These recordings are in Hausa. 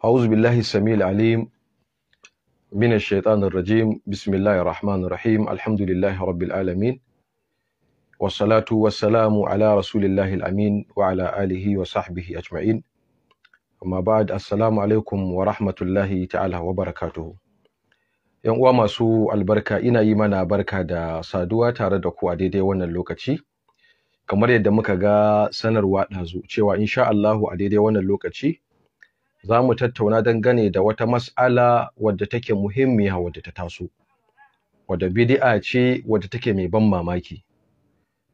أعوذ بالله السميع العليم من الشيطان الرجيم بسم الله الرحمن الرحيم الحمد لله رب العالمين والصلاة والسلام على رسول الله الأمين وعلى آله وصحبه أجمعين amma بعد السلام عليكم ورحمة الله تعالى وبركاته barakatuhu yan uwa masu albarka ina yi mana barka da saduwa tare da ku a daidai wannan lokaci kamar yadda muka ga sanarwa ɗazu cewa insha Allahu a daidai wannan lokaci za mu tattauna dangane da wata mas'ala wadda take muhimmiya wadda ta taso wadda bid'a ce wadda take mai ban mamaki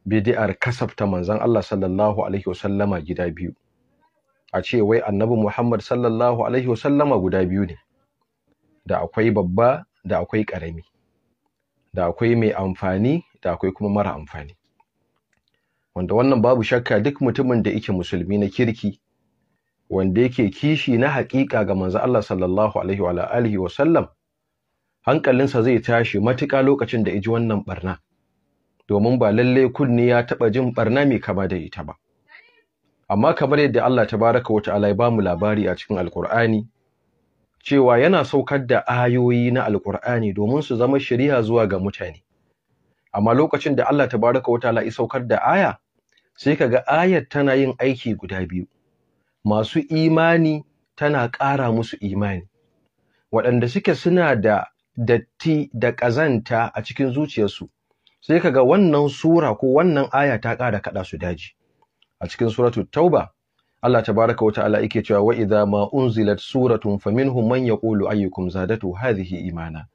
Bidi'ar kasafta manzon Allah sallallahu alaihi wasallama gida biyu a ce wai annabi Muhammad sallallahu alaihi wasallama guda biyu ne da akwai babba da akwai karami da akwai mai amfani da akwai kuma mara amfani wanda wannan babu shakka duk mutumin da yake musulmi na kirki wanda yake kishi na haƙiƙa ga manzo Allah sallallahu alaihi wa alihi wa sallam hankalinsa zai tashi matuƙa lokacin da iji wannan barna domin ba lalle kunni ya taɓa jin barna mai kama da ita ba amma kamar yadda Allah tabaraka wa ta'ala ya ba mu labari a cikin alkur'ani cewa yana saukar da ayoyi na alkur'ani domin su zama shari'a zuwa ga mutane amma lokacin da Allah tabaraka wa ta'ala ya saukar da aya sai kaga ayar tana yin aiki guda biyu masu imani tana ƙara musu imani waɗanda suke suna da datti da ƙazanta a cikin zuciyarsu sai kaga wannan sura ko wannan aya ta ƙara kaɗa su daji a cikin suratu tauba Allah tabaraka wa ta'ala yake cewa wa idza ma unzilat suratun faminhum man yaqulu ayyukum zadatu hadhihi imana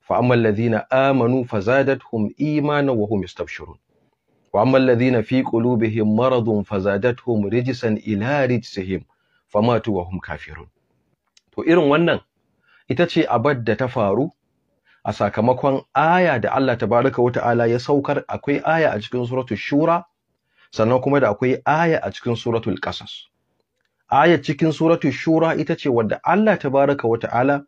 fa amma alladhina amanu fazadatuhum imana wa hum yastabshirun wa amma alladhina fi qulubihim maradun fazadatuhum rijsan ila rijsihim famatu wa hum kafirun to irin wannan ita ce abad da ta faru a sakamakon aya da Allah tabaraka wa ya saukar akwai aya a cikin suratul shura sannan kuma da akwai aya a cikin suratul qasas aya cikin suratul shura ita ce wadda Allah tabaraka wa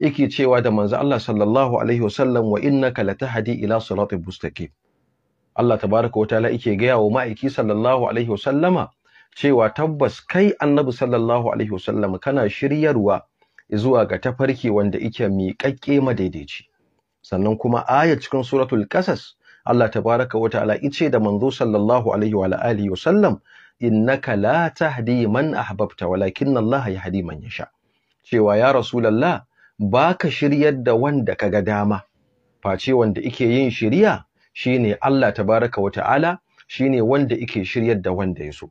yake cewa da manzo Allah sallallahu alaihi wasallam wa innaka latahdi ila siratal mustaqim Allah tabaraka wataala yake gaya wa ma'aiki sallallahu alaihi wasallama cewa tabbas kai annabi sallallahu alaihi wasallama kana shiryarwa zuwa ga tafarki wanda yake miƙaƙƙe madaidaici sannan kuma aya cikin suratul qasas Allah tabaraka wataala yace da manzo sallallahu alaihi wa alihi wasallam innaka la tahdi man ahbabta walakin Allah yahdi man yasha cewa ya rasulullah baka shiryar da wanda kaga dama face wanda yake yin shiriya shine Allah tabaraka wa ta'ala shine wanda yake shiryar da wanda ya so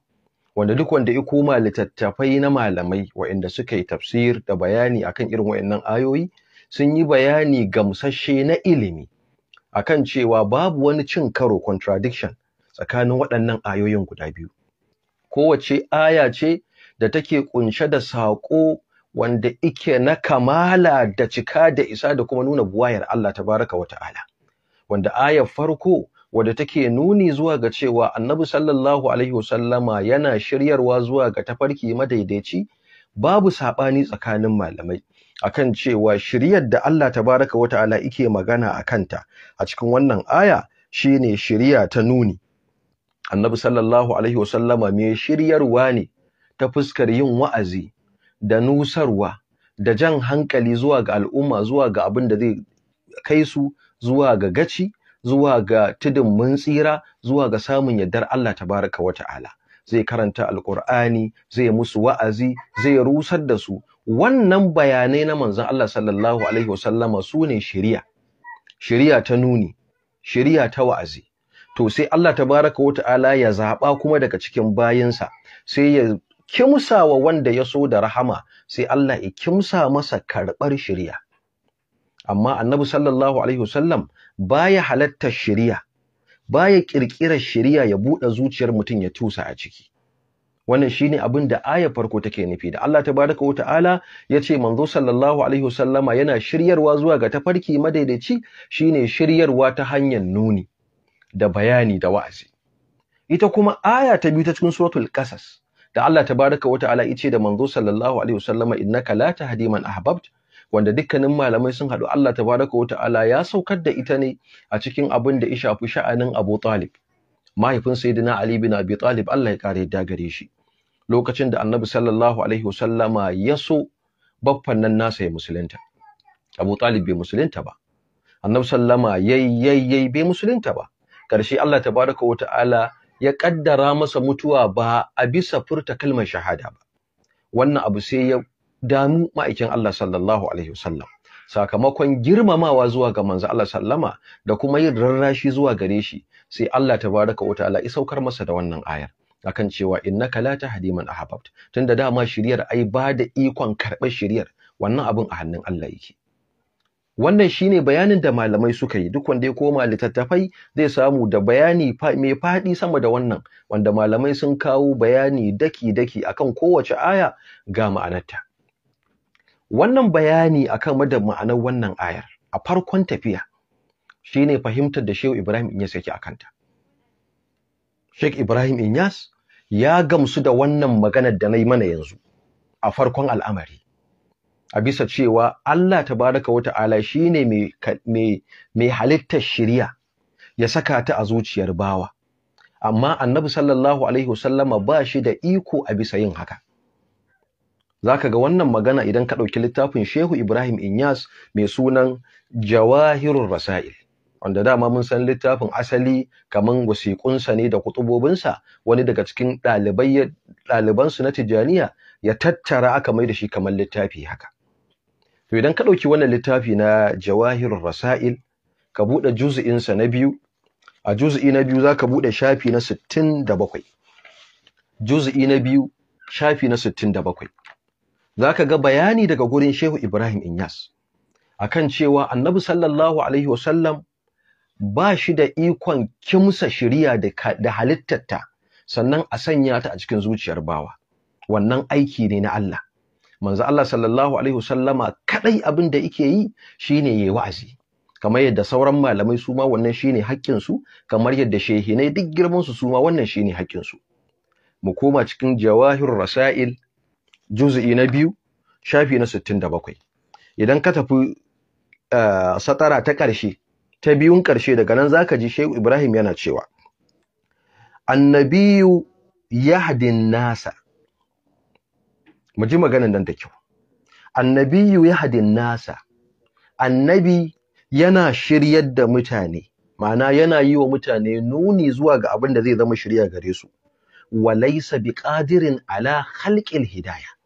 wanda duk wanda ya koma littattafai na malamai waɗanda suka yi tafsir da bayani akan irin waɗannan ayoyi sun yi bayani gamsashe na ilimi akan cewa babu wani cin karo contradiction tsakanin waɗannan ayoyin guda biyu kowace aya ce da take kunshe da saƙo wanda ike na kamala da cika da isa da kuma nuna buwayar Allah tabaraka wa ta'ala wanda ayar farko wadda take nuni zuwa ga cewa annabi sallallahu alaihi wasallama yana shiryarwa zuwa ga tafarki madaidaici babu saɓani tsakanin malamai akan cewa shiryar da Allah tabaraka wata'ala yake magana a kanta a cikin wannan aya shine shiriya ta nuni annabi sallallahu alaihi wasallama mai shiryarwa ne ta fuskar yin wa'azi da nusarwa da jan hankali zuwa ga al'umma zuwa ga abin da zai kai su zuwa ga gaci zuwa ga tudun mun tsira zuwa ga samun yardar Allah tabaraka wa ta'ala zai karanta alqur'ani zai musu wa'azi zai rusar da su wannan bayanai na manzon Allah sallallahu alaihi wasallama sune shari'a shari'a ta nuni shari'a ta wa'azi to sai Allah tabaraka wa ta'ala ya zaba kuma daga cikin bayinsa sai ya wa wanda ya so da rahama sai Allah ya kimsa masa karɓar shari'a amma annabi sallallahu alaihi wasallam baya halatta shari'a baya kirkirar shari'a ya bude zuciyar mutum ya tusa a ciki wannan shine abin da aya farko take nufi da Allah tabaraka wa ta'ala yace manzo sallallahu alaihi wasallama yana shiryarwa zuwa ga tafarki madaidaici shine shiryarwa ta hanyar nuni da bayani da wa'azi ita kuma aya ta biyu ta cikin suratul qasas da Allah tabaraka wa ta'ala yace da manzo sallallahu alaihi wasallama innaka la tahdi man ahbabt wanda dukkanin malamai sun haɗu Allah tabaraka wa ta'ala ya saukar da ita ne a cikin abin da ya shafi sha'anin Abu Talib mahaifin Sayyidina Ali bin Abi Talib Allah ya kare da gare shi lokacin da Annabi sallallahu alaihi wasallama ya so baffan nan nasa ya musulunta Abu Talib bai musulunta ba Annabi sallama yayyayyayi bai musulunta ba karshe Allah tabaraka wa ta'ala ya kaddara masa mutuwa ba a bisa furta kalmar shahada ba wannan abu sai ya damu ma'aikin Allah sallallahu alaihi wasallam sakamakon girmamawa zuwa ga manzo Allah sallama da kuma yin rarrashi zuwa gare shi sai Allah tabaraka wa ta'ala ya saukar masa da wannan ayar akan cewa innaka la tahdi man ahbabta tunda dama shiriyar ai ba da ikon karɓar shiriyar wannan abun a hannun Allah yake wannan shine bayanin da malamai suka yi duk wanda ya koma littattafai zai samu da bayani mai faɗi sama da wannan wanda malamai sun kawo bayani daki-daki akan kowace aya ga ma'anarta wannan bayani akan madan ma'anar wannan ayar a farkon tafiya shine fahimtar da Shehu Ibrahim Inyas yake a kanta. Sheikh Ibrahim Inyas ya gamsu da wannan maganar da nayi mana yanzu a farkon al'amari a bisa cewa Allah tabaraka wa ta'ala shine mai mai mai halittar shiriya ya saka ta a zuciyar bawa amma annabi sallallahu alaihi wasallama ba shi da iko a bisa yin haka zaka ga wannan magana idan ka ɗauki littafin Shehu Ibrahim Inyas mai sunan Jawahirur Rasail wanda dama mun san littafin asali kaman wasiƙunsa ne da kutubobinsa wani daga cikin ɗalibansu na Tijaniya? ya tattara aka mai da shi kamar littafi haka to idan ka ɗauki wannan littafi na Jawahirur Rasail ka buɗe juz'insa na biyu a juz'i na biyu zaka buɗe shafi na 67 juz'i na biyu shafi na 67 za ka ga bayani daga gurin Shehu Ibrahim Inyas akan cewa Annabi sallallahu alaihi wasallam ba shi da ikon kimsa shiriya da halittarta sannan a sanya ta a cikin zuciyar bawa wannan aiki ne na Allah manzo Allah sallallahu alaihi wasallama kadai abin da yake yi shine yayi wa'azi kamar yadda sauran malamai su ma wannan shine haƙƙin su kamar yadda shehinai duk girman su su ma wannan shine haƙƙin su mu koma cikin jawahirur rasail juz'i na biyu shafi na sittin da bakwai. idan ka tafi eh, satara ta ƙarshe ta biyun ƙarshe daga nan zaka ji Shehu Ibrahim yana cewa annabiyu yahdin nasa mu ji maganan nan da kyau annabiyu yahdin nasa annabi yana shiryar da mutane ma'ana yana yi wa mutane nuni zuwa ga abin da zai zama shirya gare su walaysa biqadirin ala khalqil hidayah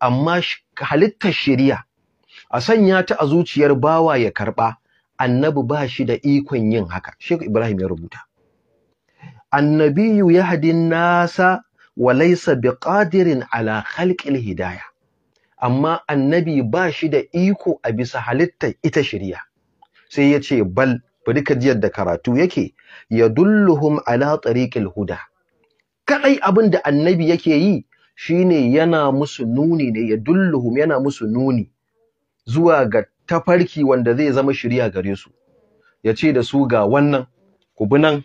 amma halittar shari'a a sanya ta a zuciyar bawa ya karba, annabi ba shi da ikon yin haka Sheikh Ibrahim ya rubuta annabiyu yahdin nasa wa laysa biqadirin ala khalqil hidayah amma annabi ba shi da iko a bisa halittar ita shari'a sai ya ce bal bari ka jiyar da karatu yake ya dulluhum ala tariqil huda kadai abin da annabi yake yi shine yana musu nuni ne ya dulluhum yana musu nuni zuwa ga tafarki wanda zai zama shirya gare su yace da su ga wannan ku bi nan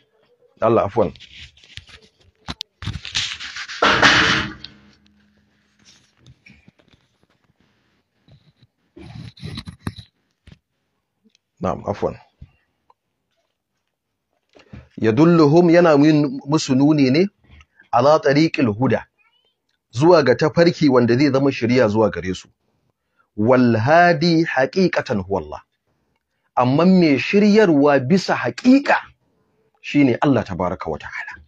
Allah afwan na'am afwan dulluhum yana musu nuni ne ala tariqil huda zuwa ga tafarki wanda zai zama shirya zuwa gare su walhadi haƙiƙatan haqiqatan amma mai shiryarwa bisa haƙiƙa, shine Allah Ta tabaraka wa ta'ala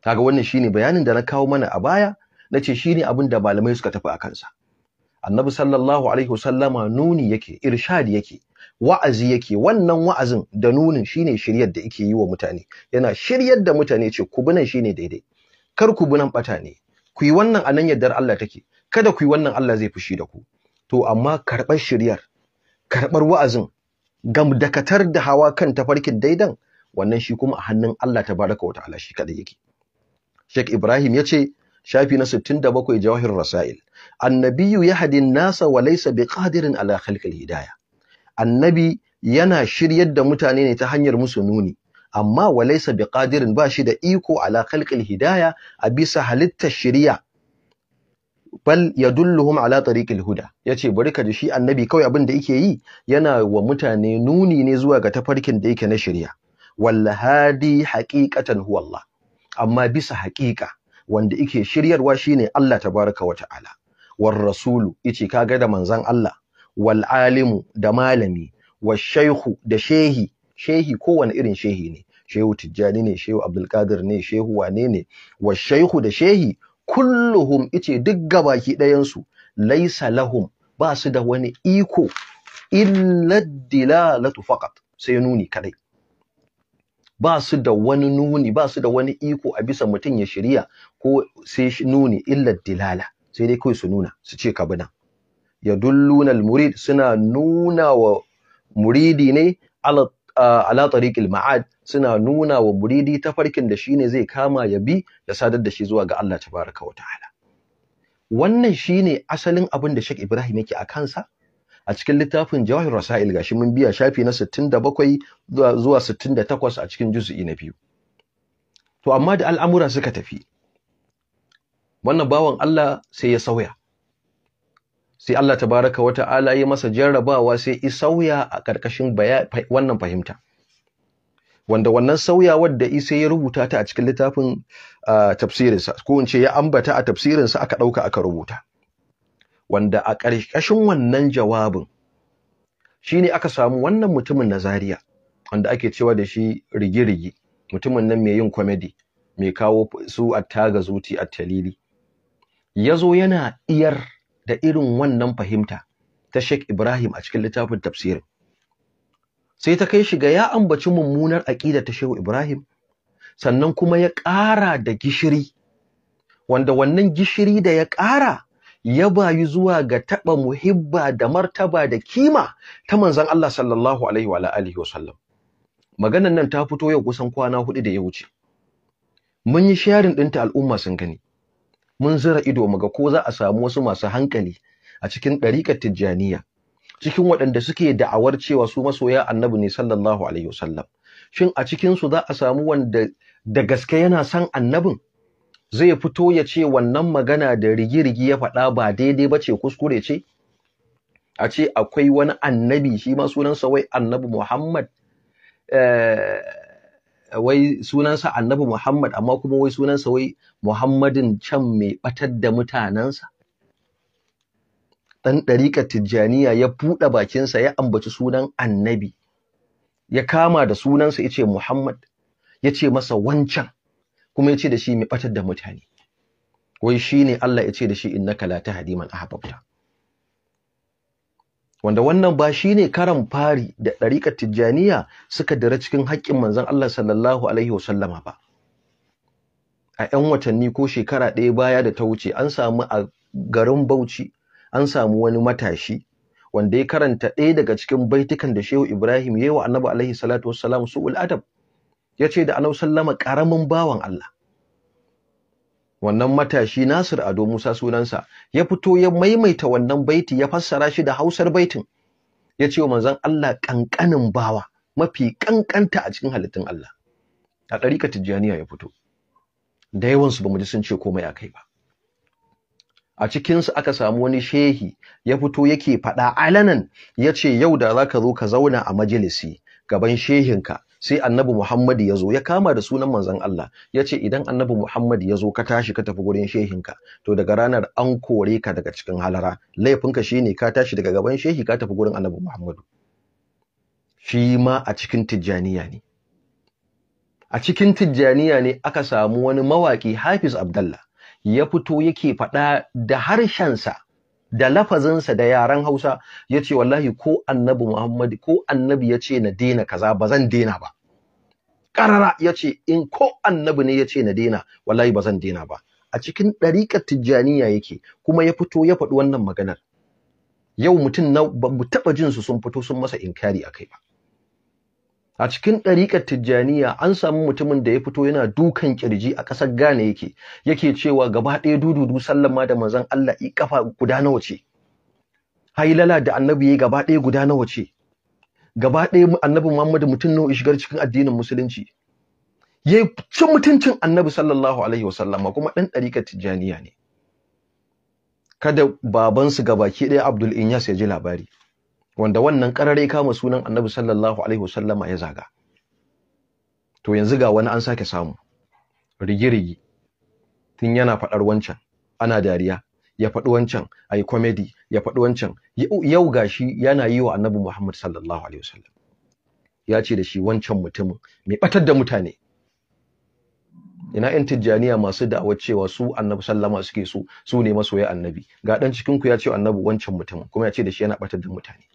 kaga wannan shine bayanin da na kawo mana a baya nace shine abin da malamai suka tafi akan sa annabi sallallahu alaihi wasallama nuni yake irshadi yake wa'azi yake wannan wa'azin da nunin shine shiryar da yake yi wa mutane yana shiryar da mutane ce ku binan shine daidai kar ku binan bata ne ku yi wannan anan yardar Allah take kada ku yi wannan Allah zai fushi da ku to amma karɓar shiryar karɓar wa'azin gam dakatar da hawa kan tafarkin daidan wannan shi kuma a hannun Allah tabaraka wa ta'ala shi kadai yake Sheikh Ibrahim ya ce shafi na 67 jawahir rasail annabiyu yahdin nasa wa laysa biqadirin ala khalqil hidayah annabi yana shiryar da mutane ne ta hanyar musu nuni amma walaisa qadirin ba shi da iko ala khalqil hidaya a bisa halittar shiriya bal yadulluhum ala tariqil huda yace bari ka ji shi annabi kawai abin da yake yi yana wa mutane nuni ne zuwa ga tafarkin da yake na shirya. walla hadi haqiqatan huwa Allah amma bisa haqiqa wanda yake shiryarwa shine Allah tabaraka wa ta'ala war rasulu yace kaga da manzon Allah wal alimu da malami wa shaykhu da shehi shehi kowane irin shehi ne shehu tijjani ne shehu abdulkadir ne shehu wane ne wa shehu da shehi kulluhum ice duk gabaki ɗayansu laisa lahum ba su da wani iko illa dilalatu faqat sai nuni kadai ba su da wani nuni ba su da wani iko a bisa mutum ya shirya ko sai nuni illa dilala sai dai kawai su nuna su ce ka bina ya dulluna murid suna nuna wa muridi ne ala ala tariqil ma'ad suna nuna wa muridi tafarkin da shine zai kama ya bi da sadar da shi zuwa ga Allah tabaraka wa ta'ala wannan shine asalin abin da Sheikh Ibrahim yake a kansa a cikin littafin Jawahir Rasail gashi mun biya shafi na 67 zuwa 68 a cikin juz'i na biyu to amma da al'amura suka tafi wannan bawan Allah sai ya sauya sai Allah tabaraka Wata ta'ala ya masa jarrabawa sai i sauya a ƙarƙashin wannan fahimta wanda wannan sauyawar da isa ya rubuta ta a cikin littafin tafsirinsa ko in ce ya ambata a tafsirinsa aka ɗauka aka rubuta wanda a ƙarƙashin wannan jawabin shine aka samu wannan mutumin na Zariya wanda ake cewa da shi rigirigi mutumin nan mai yin kwamedi mai kawo su a taga zuti Ya zo yana iyar da irin wannan fahimta ta Sheikh Ibrahim a cikin littafin tafsirin sai ta kai shi ga ya ambaci mummunar aƙida ta Shehu Ibrahim sannan kuma ya ƙara da gishiri wanda wannan gishiri da ya ƙara ya bayu zuwa ga taɓa muhibba da martaba da kima ta manzon Allah sallallahu alaihi wa alihi wasallam maganan nan ta fito yau kusan kwana hudu da ya wuce mun yi sharing ɗinta al'umma sun gani mun zira ido muga ko za a samu wasu masu hankali a cikin ɗariƙar tijjaniya cikin waɗanda suke da'awar cewa su masoya annabi ne sallallahu alaihi wasallam shin a cikin su za a samu wanda da gaske yana san annabin zai fito ya ce wannan magana da rigirigi ya faɗa ba daidai ba ce kuskure ce a ce akwai wani annabi shi ma sunansa wai annabi Muhammad eh, wai sunansa annabi Muhammad amma kuma wai sunansa wai Muhammadin can mai ɓatar da mutanensa? Ɗan ɗariƙar Tijjaniya ya buɗe bakinsa ya ambaci sunan annabi, ya kama da sunansa ya ce Muhammad, ya ce masa wancan, kuma ya ce da shi mai ɓatar da mutane. Wai shi ne Allah ya ce da shi inna kalata Hadiman ahababta. ahbabta. wanda wannan ba shi ne karan fari da ɗariƙar tijjaniya suka dire cikin haƙƙin manzon Allah sallallahu alaihi wasallama ba a 'yan watanni ko shekara ɗaya baya da ta wuce an samu a garin Bauchi an samu wani matashi wanda ya karanta ɗaya daga cikin baitukan da Shehu Ibrahim ya yi wa Annabi alaihi salatu wassalam su'ul adab ya ce da Annabi sallama karamin bawan Allah wannan matashi Nasir Ado Musa sunansa ya fito ya maimaita wannan baiti ya fassara shi da Hausar baitin ya ce wa manzon Allah kankanin bawa mafi kankanta a cikin halittun Allah a ɗarika Tijjaniya ya fito da yawansu ba mu ji sun ce komai a kai ba a cikinsu aka samu wani shehi ya fito yake faɗa alanan ya ce yau da za ka zo ka zauna a majalisi gaban shehinka sai annabi Muhammadu ya zo ya kama da sunan manzon Allah ya ce idan annabi Muhammadu ya zo ka tashi ka tafi gurin ka, to daga ranar an kore ka daga cikin halara laifinka shine ka tashi daga gaban shehi ka tafi gurin annabi Muhammadu shi ma a cikin tijjaniya ne a cikin tijjaniya ne aka samu wani mawaƙi hafiz abdallah ya fito yake faɗa da harshensa da lafazinsa da yaren hausa ya ce wallahi ko annabi muhammad ko annabi ya ce na daina kaza ba zan daina ba ƙarara ya ce in ko annabi ne ya ce na daina wallahi ba zan daina ba a cikin ɗariƙar tijjaniya yake kuma ya fito ya faɗi wannan maganar yau mutum na ba taɓa jinsu sun fito sun masa inkari a kai ba a cikin ɗariƙar tijjaniya an samu mutumin da ya fito yana dukan ƙirji a ƙasar Ghana yake yake cewa gaba ɗaya dududu sallama da manzon Allah i kafa guda nawa ce hailala da annabi ya gaba ɗaya guda nawa ce gaba ɗaya annabi Muhammad mutum nawa shigar cikin addinin musulunci yayi ci mutuncin annabi sallallahu alaihi wasallama kuma ɗan ɗariƙar tijjaniya ne kada babansu gabaki ɗaya Abdul Inyas ya ji labari wanda wannan karare kama sunan annabi sallallahu alaihi wasallama ya zaga to yanzu ga wani an sake samu rigirigi tun yana faɗar wancan ana dariya ya faɗi wancan a yi komedi ya faɗi wancan yau gashi yana yi wa annabi muhammad sallallahu alaihi wasallam ya ce da shi wancan mutumin mai ɓatar da mutane ina yan tijjaniya masu da'awa cewa su annabi sallama suke so su ne masoya annabi ga dan cikin ku ya ce annabi wancan mutumin kuma ya ce da shi yana ɓatar da mutane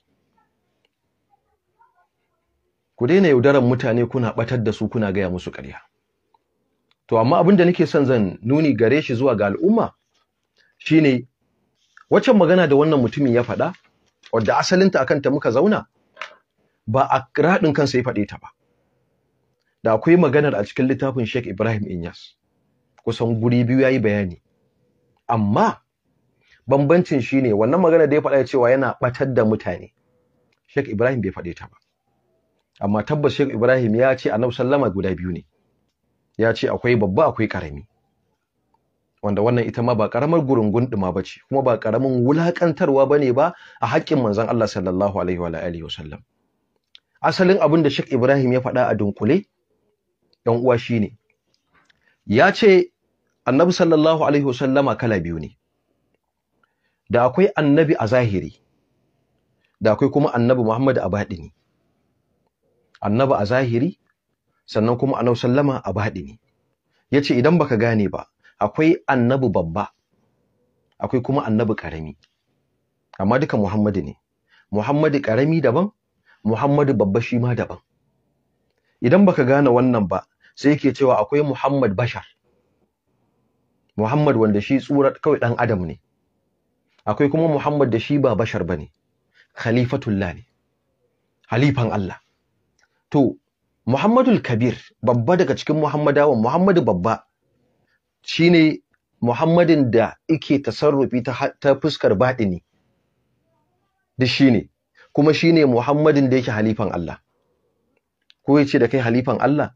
ku daina yaudaran mutane kuna batar da su kuna gaya musu ƙarya to amma abin da nake son zan nuni gare shi zuwa ga al'umma shine waccan magana da wannan mutumin ya faɗa wadda asalinta akan ta muka zauna ba a raɗin kansa ya faɗe ta ba da akwai maganar a cikin littafin Sheikh Ibrahim Inyas kusan guri biyu yayi bayani amma bambancin shine wannan magana da ya faɗa cewa yana batar da mutane Sheikh Ibrahim bai faɗe ta ba amma tabbas Sheikh Ibrahim ya ce Annabi sallama guda biyu ne ya ce akwai babba akwai karami wanda wannan ita ma ba karamar gurungun dima bace kuma ba karamin wulakantarwa bane ba a haƙƙin manzon Allah sallallahu alaihi wa alihi wasallam asalin abin da Sheikh Ibrahim ya faɗa a dunkule ɗan uwa shine ya ce Annabi sallallahu alaihi wasallama kala biyu ne da akwai annabi a zahiri da akwai kuma annabi Muhammad a baɗini annabi a zahiri sannan kuma annabi sallama a baɗini yace idan baka gane ba akwai annabi babba akwai kuma annabi karami amma duka Muhammadu ne Muhammadu karami daban Muhammadu babba shi ma daban idan baka gane wannan ba sai yake cewa akwai Muhammad bashar Muhammad wanda shi tsura kawai dan adam ne akwai kuma Muhammad da shi ba bashar bane khalifatullah ne halifan Allah to Muhammadul Kabir babba daga cikin Muhammadawan Muhammadu babba shine Muhammadin da yake tasarrufi ta, ta fuskar baɗini da shine kuma shine Muhammadin da yake halifan Allah ko ya ce da kai halifan Allah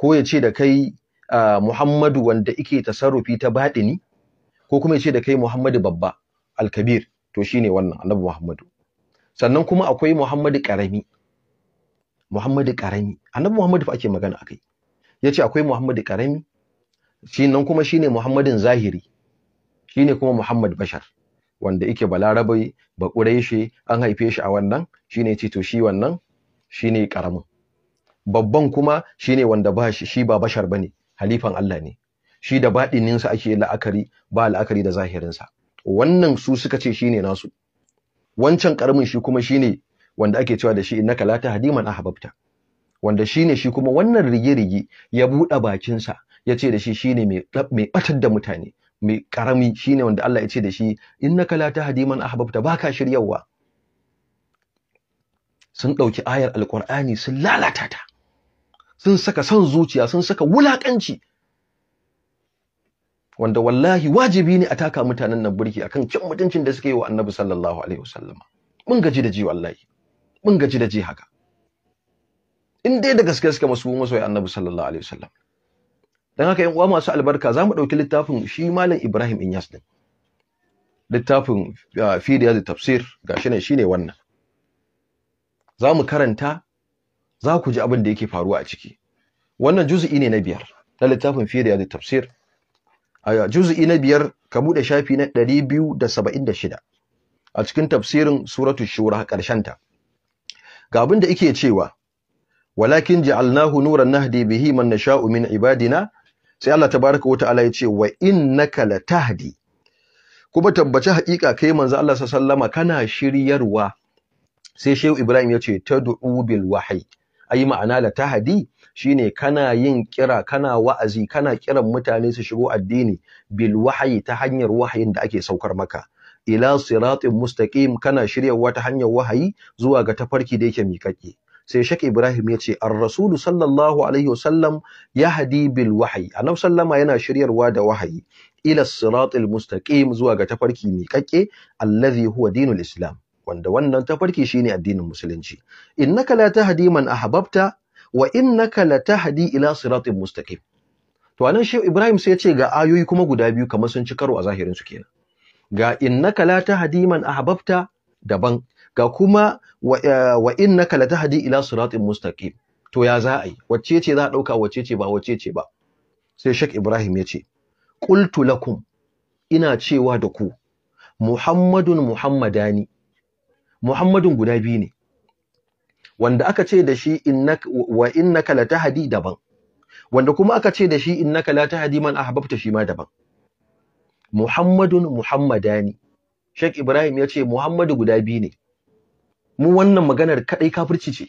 ko ya ce da kai uh, Muhammadu wanda yake tasarrufi ta baɗini ko kuma ya ce da kai Muhammadu babba al-Kabir to shine wannan Annabi Muhammadu sannan kuma akwai Muhammadu karami Muhammadu Karami annabi Muhammadu fa ake magana akai yace akwai Muhammadu Karami shi nan kuma shine Muhammadin zahiri shine kuma Muhammad Bashar wanda yake balarabe ba Quraishi an haife shi a wannan shine yace to shi wannan shine karamin babban kuma shine wanda ba shi shi ba Bashar bane halifan Allah ne shi da baɗininsa ake la'akari ba la'akari da zahirinsa wannan su suka ce shine nasu wancan karamin shi kuma shine wanda ake cewa da shi innaka la tahdiman ahbabta wanda shine shi kuma wannan rige-rige ya buɗe bakinsa ya ce da shi shine mai batar da mutane mai ƙarami shine wanda Allah ya ce da shi innaka la tahdi ahbabta baka shiryawa sun ɗauki ayar alƙur'ani sun lalata ta sun saka son zuciya sun saka wulakanci wanda wallahi wajibi ne a taka mutanen nan burki akan cin mutuncin da suke yi wa annabi sallallahu alaihi wasallama mun gaji da ji wallahi mun gaji da ji haka in dai da gaske suka masu ya annabi sallallahu alaihi wasallam dan haka yan uwa masu albarka zamu dauki littafin shi malam Ibrahim Inyas din littafin fi da tafsir gashi ne shine wannan zamu karanta za ku ji abin da yake faruwa a ciki wannan juzu'i ne na biyar na littafin fi da tafsir Aya juzu'i na biyar ka bude shafi na 276 a cikin tafsirin suratul shura karshen ta ga abin da yake cewa walakin ja'alnahu nuran nahdi bihi man nasha'u min ibadina sai Allah tabaraka wata'ala ya ce wa innaka latahdi kuma tabbaci haƙiƙa kai manzo Allah sallama kana shiryarwa sai Shehu Ibrahim ya ce duu bil wahyi yi ma'ana latahdi shine kana yin kira kana wa'azi kana kiran mutane su shigo addini bil wahyi ta hanyar wahayin da ake saukar maka ila siratin mustaqim kana shirya wata hanyar wahayi zuwa ga tafarki da yake miƙaƙe sai Sheikh Ibrahim ya ce ar-rasulu sallallahu alaihi wasallam yahdi bil wahyi annabi sallama yana shiryarwa da wahayi ila siratil mustaqim zuwa ga tafarki miƙaƙe allazi huwa dinul islam wanda wannan tafarki shine addinin musulunci innaka la tahdi man ahbabta wa innaka la tahdi ila Siratil mustaqim to anan Sheikh Ibrahim sai ya ce ga ayoyi kuma guda biyu kamar sun ci karo a zahirin su kenan ga innaka la tahdi man ahbabta daban ga kuma wa, uh, wa innaka la tahdi ila siratin mustaqim to ya za a yi wacce ce za a dauka wacce ce ba wacce ce ba sai shek Ibrahim ya ce qultu lakum ina cewa da ku Muhammadun Muhammadani Muhammadun guda biyu ne wanda aka ce da shi wa innaka la tahdi daban wanda kuma aka ce da shi innaka la tahdi man ahbabta shi ma daban Muhammadun Muhammadani. Sheikh Ibrahim ya ce Muhammadu guda biyu ne. Mu wannan maganar kaɗai kafirci ce.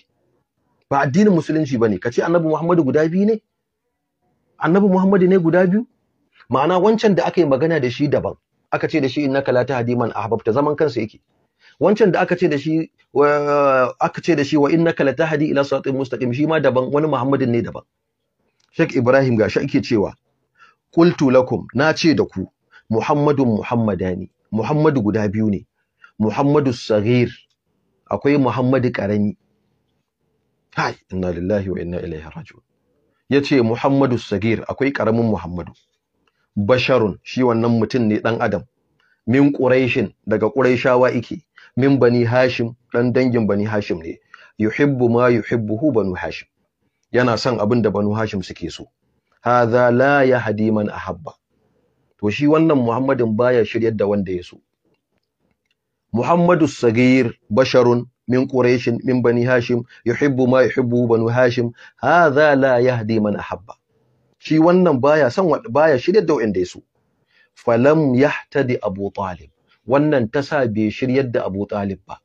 Ba addinin musulunci ba ne, ka ce annabi Muhammadu guda biyu ne? Annabi Muhammadu ne guda biyu? Ma'ana wancan da aka yi magana da shi daban, aka ce da shi innaka la tahdi man ahbabta zaman kansa yake. wancan da aka ce da shi aka ce da shi wa innaka tahdi ila siratin mustaqim shi ma daban wani muhammadin ne daban Sheikh Ibrahim shi ake cewa qultu lakum na ce da ku Muhammadun Muhammadani Muhammadu guda biyu ne Muhammadu Sarir akwai Muhammadu ƙarami. kai inna lillahi wa inna ilaihi Ya ce Muhammadu Sarir akwai ƙaramin Muhammadu basharun shi wannan mutum ne ɗan adam min ƙuraishin daga ƙuraishawa ike? min bani hashim ɗan dangin bani hashim ne yuhibbu ma yuhibbuhu banu hashim yana son abin da banu hashim suke so za la hadi man ahabba to shi wannan Muhammadin baya shiryar da wanda ya so Muhammadu Sagir basharun min Qurayshin min Bani Hashim yuhibbu ma yuhibbu Banu Hashim hadha la yahdi man ahabba shi wannan baya san baya shiryar da wanda ya so falam yahtadi Abu Talib wannan sa bai shiryar da Abu Talib ba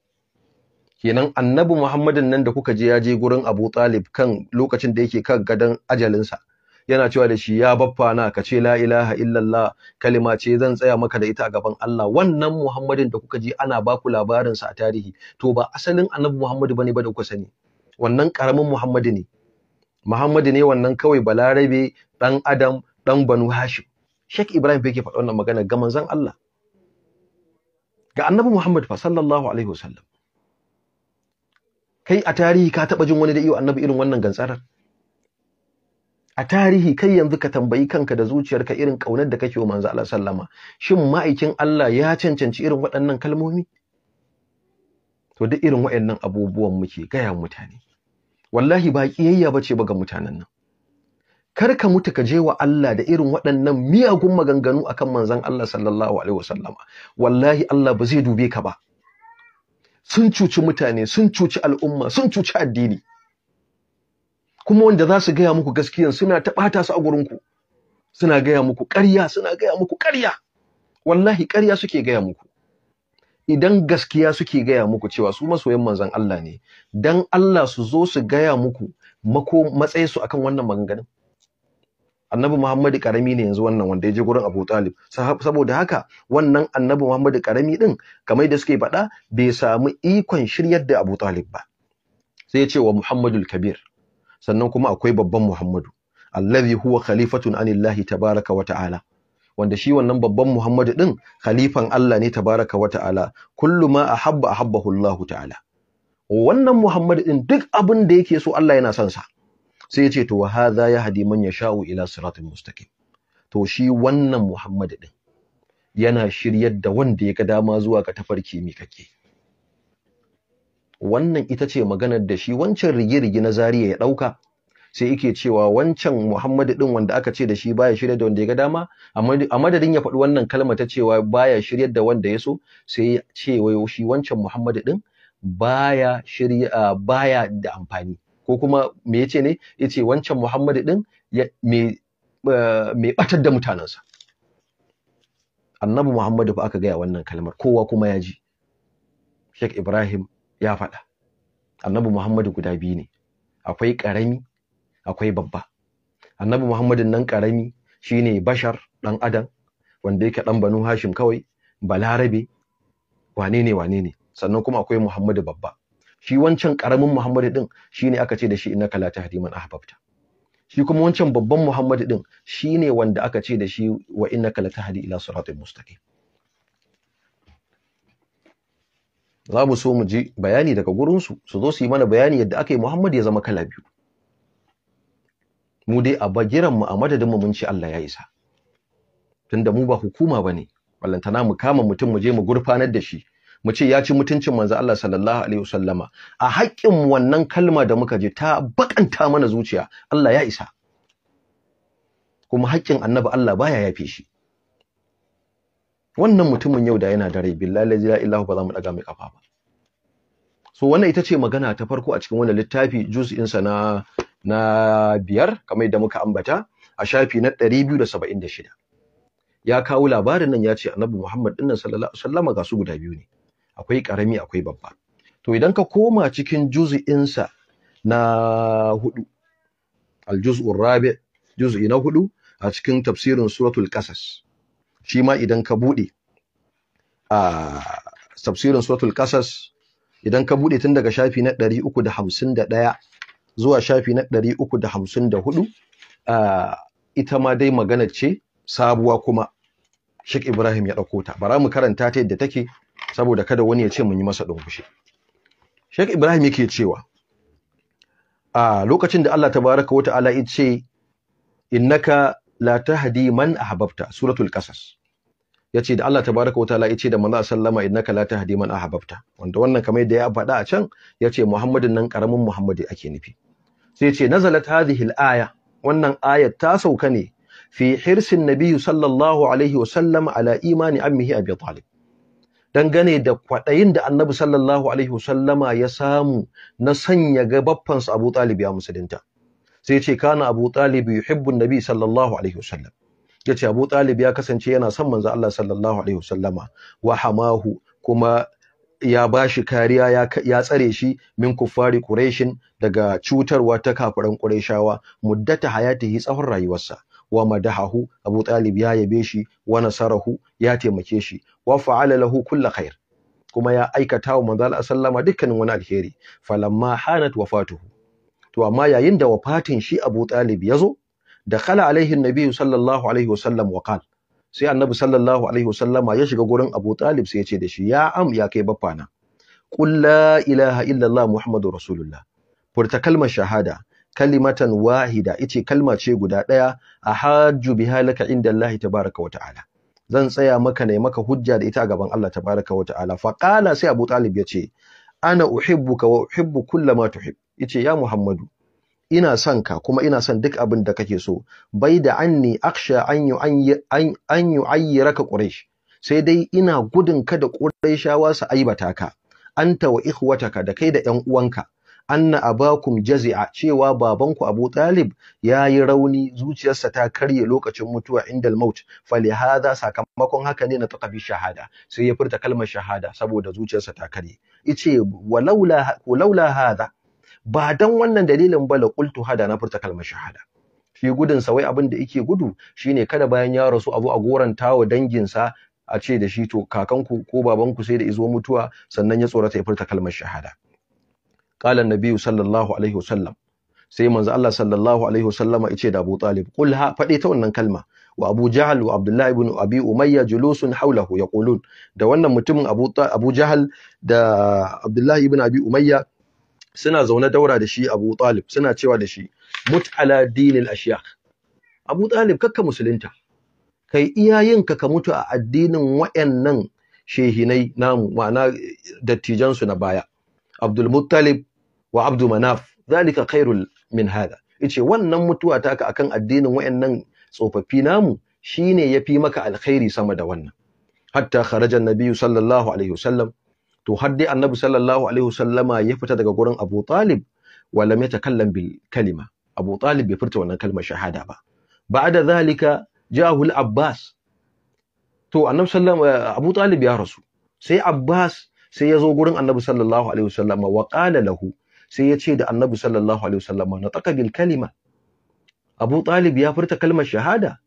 kenan annabi Muhammadin nan da kuka je ya je gurin Abu Talib kan lokacin da yake kan gadan ajalinsa yana cewa da shi ya baffa na ka ce la ilaha illallah kalima ce zan tsaya maka da ita a gaban Allah wannan Muhammadin da kuka ji ana ba ku labarin sa a tarihi to ba asalin Annabi Muhammadu bane ba da kuka sani wannan karamin Muhammadu ne Muhammadu ne wannan kawai balarabe dan Adam dan Banu Hashim Sheikh Ibrahim bai ke faɗa wannan magana ga manzon Allah ga Annabi Muhammad fa sallallahu alaihi wasallam kai a tarihi ka taɓa jin wani da iyo Annabi irin wannan gantsarar a tarihi kai yanzu ka tambayi kanka da zuciyarka irin ƙaunar da kake wa manzo Allah sallama shin ma'aikin Allah ya cancanci irin waɗannan kalmomi to duk irin waɗannan abubuwan muke gaya mutane wallahi ba kiyayya bace ba ga mutanen nan kar ka mutu ka je wa Allah da irin waɗannan miyagun maganganu akan manzon Allah sallallahu alaihi wasallama wallahi Allah ba zai dube ka ba sun cuci mutane sun cuci al'umma sun cuci addini kuma wanda za su gaya muku gaskiya, suna ta su a gurinku suna gaya muku ƙarya suna gaya muku ƙarya wallahi ƙarya suke gaya muku idan gaskiya suke gaya muku cewa su masoyan manzon Allah ne dan Allah su zo su gaya muku mako matsayin su akan wannan maganganun annabi Muhammadu karami ne yanzu wannan wanda ya je gurin Abu Talib saboda haka wannan annabi Muhammadu karami din kamar da suke faɗa bai samu ikon shiryar da Abu Talib ba sai ya ce wa Muhammadul Kabir sannan kuma akwai babban Muhammadu allazi huwa khalifatun anillahi tabaraka wa ta'ala wanda shi wannan babban Muhammadu din khalifan Allah ne tabaraka wa ta'ala kullu ma ahabba ahabbahu Allah ta'ala wannan Muhammadu din duk abin da yake so Allah yana son sa sai ya ce to hadha yahdi man yasha'u ila siratin mustaqim to shi wannan Muhammadu din yana shiryar da wanda ya ga dama zuwa ga tafarki mikakke wannan ita ce maganar da shi wancan rige-rige na zariya ya ɗauka sai yake cewa wancan Muhammadu ɗin wanda aka ce da shi baya shirya da wanda ya ga dama a madadin ya faɗi wannan kalma ta cewa baya shiryar da wanda ya so sai ya ce shi wancan Muhammadu ɗin baya shirya baya da amfani ko kuma me ce ne ce wancan Muhammadu ɗin me ɓatar da mutanensa? Annabi Muhammadu fa aka gaya wannan kalmar kowa kuma ya ji shek Ibrahim ya faɗa annabi muhammadu guda biyu ne akwai ƙarami akwai babba annabi muhammadin nan ƙarami shine bashar ɗan adam wanda yake ɗan banu hashim kawai balarabe wane ne wane ne sannan kuma akwai muhammadu babba shi wancan ƙaramin muhammadu ɗin shine aka ce da shi innaka la hadiman a ahbabta shi kuma wancan babban muhammadu ɗin shi ne wanda aka ce da shi wa innaka la tahdi ila siratin mustaqim za mu so mu ji bayani daga gurinsu su zo su yi mana bayani yadda aka yi Muhammad ya zama kala biyu mu dai a bagiran mu a madadin mu mun ci Allah ya isa tunda mu ba hukuma ba ne, ballantana mu kama mutum mu je mu gurfanar da shi mu ce ya ci mutuncin manzo Allah sallallahu alaihi wasallama a haƙƙin wannan kalma da muka je ta baƙanta mana zuciya Allah ya isa kuma haƙƙin annabi Allah baya yafe shi wannan mutumin yau da yana da rai billahi la ilaha ba za mu daga mai kafa ba so wannan ita ce magana ta farko a cikin wannan littafi juz'in sa na na biyar kamar yadda muka ambata a shafi na 276 ya kawo labarin nan ya ce annabi Muhammad nan sallallahu alaihi wasallama ga su guda biyu ne akwai karami akwai babba to idan ka koma cikin juz'in sa na hudu al rabi' juz'i na hudu a cikin tafsirin suratul qasas shi ma idan ka buɗe a tafsirin suratul qasas idan ka buɗe tun daga shafi na 351 zuwa shafi na 354 ita ma dai magana ce sabuwa kuma Sheikh Ibrahim ya ɗauko ta bara mu karanta ta yadda take saboda kada wani ya ce mun yi masa dunkushe Sheikh Ibrahim yake cewa a lokacin da Allah tabaraka wa ta'ala yace ce innaka la tahdi man ahbabta suratul qasas yace da Allah tabaraka wa ta'ala yace da manzo sallama innaka la tahdi man ahbabta wanda wannan kamar yadda ya faɗa a can yace Muhammadin nan karamin Muhammadi ake nufi sai yace nazalat hadhihi al-aya wannan ayat ta sauka ne fi hirsin nabi sallallahu alaihi wa sallam ala imani ammihi abi talib dangane da kwaɗayin da annabi sallallahu alaihi wa sallama ya samu na sanya gabaffansa abu talib ya musulunta sai ce kana Abu Talib yuhibbu Nabi sallallahu alaihi wasallam yace Abu Talib ya kasance yana son manzo Allah sallallahu alaihi wasallama wa hamahu kuma ya bashi kariya ya, tsare shi min kuffari quraishin daga cutarwa ta kafiran quraishawa muddata hayatihi tsawon rayuwarsa wa madahahu Abu Talib ya yabe shi wa nasarahu ya taimake shi wa fa'ala lahu kullu khair kuma ya aikata wa manzo Allah sallama dukkanin wani alheri falamma hanat wafatuhu to amma yayin da wafatin shi Abu Talib ya zo da khala alaihi annabi sallallahu alaihi wasallam wa qal sai annabi sallallahu alaihi wasallama ya shiga gurin Abu Talib sai ya ce da shi ya am ya kai baffana qul la ilaha illallah muhammadur rasulullah furta kalmar shahada kalimatan wahida ice kalma ce guda daya ahajju biha laka inda Allah tabaaraka wa ta'ala zan tsaya maka ne maka hujja da ita gaban Allah tabaaraka wa ta'ala fa qala sai Abu Talib ya ce ana uhibbuka wa uhibbu kullama tuhib yace ya Muhammadu ina son ka kuma ina son duk abin da kake so bai da anni aksha an yu an quraish sai dai ina gudun ka da quraishawa su aibata ka anta wa ikhwataka da kai da yan uwanka anna abakum jazi'a cewa babanku Abu Talib yayi rauni zuciyarsa ta karye lokacin mutuwa indal maut falihadha sakamakon haka ne na taka bi shahada sai ya furta kalmar shahada saboda zuciyarsa ta karye ice walaula laula hadha ba dan wannan dalilin ba la qultu hada na furta kalmar shahada shi gudun sa wai abin da yake gudu shine kada bayan ya rasu abu a goranta dangin danginsa a ce da shi to kakanku ko babanku sai da izo mutuwa sannan ya tsorata ya furta kalmar shahada qala Nabiyu, sallallahu alaihi wasallam sai manzo Allah sallallahu alaihi wasallama yace da Abu Talib qul ha fade ta wannan kalma wa Abu Jahl wa Abdullah ibn Abi Umayya julusun hawlahu yaqulun da wannan mutumin Abu Abu Jahl da Abdullah ibn Abi Umayya suna zaune daura da shi Abu Talib suna cewa da shi mut ala dinil ashyakh Abu Talib kakka musulunta kai iyayenka ka mutu a addinin wayannan shehinai namu ma'ana dattijan su na baya Abdul Muttalib wa Abdul Manaf zalika khairul min hada yace wannan mutuwa taka akan addinin wayannan tsofaffi namu shine yafi maka alkhairi sama da wannan hatta kharaja an-nabiy sallallahu alaihi wasallam to har dai annabi sallallahu alaihi wasallama ya fita daga gurin Abu Talib walam yatakallam bil kalima Abu Talib bai furta wannan kalmar shahada ba ba'da zalika ja'ahu al-Abbas to annabi sallallahu eh, Abu Talib ya rasu sai Abbas sai ya zo gurin annabi sallallahu alaihi wasallama wa qala lahu sai ya ce da annabi sallallahu alaihi wasallama bil kalima Abu Talib ya furta kalmar shahada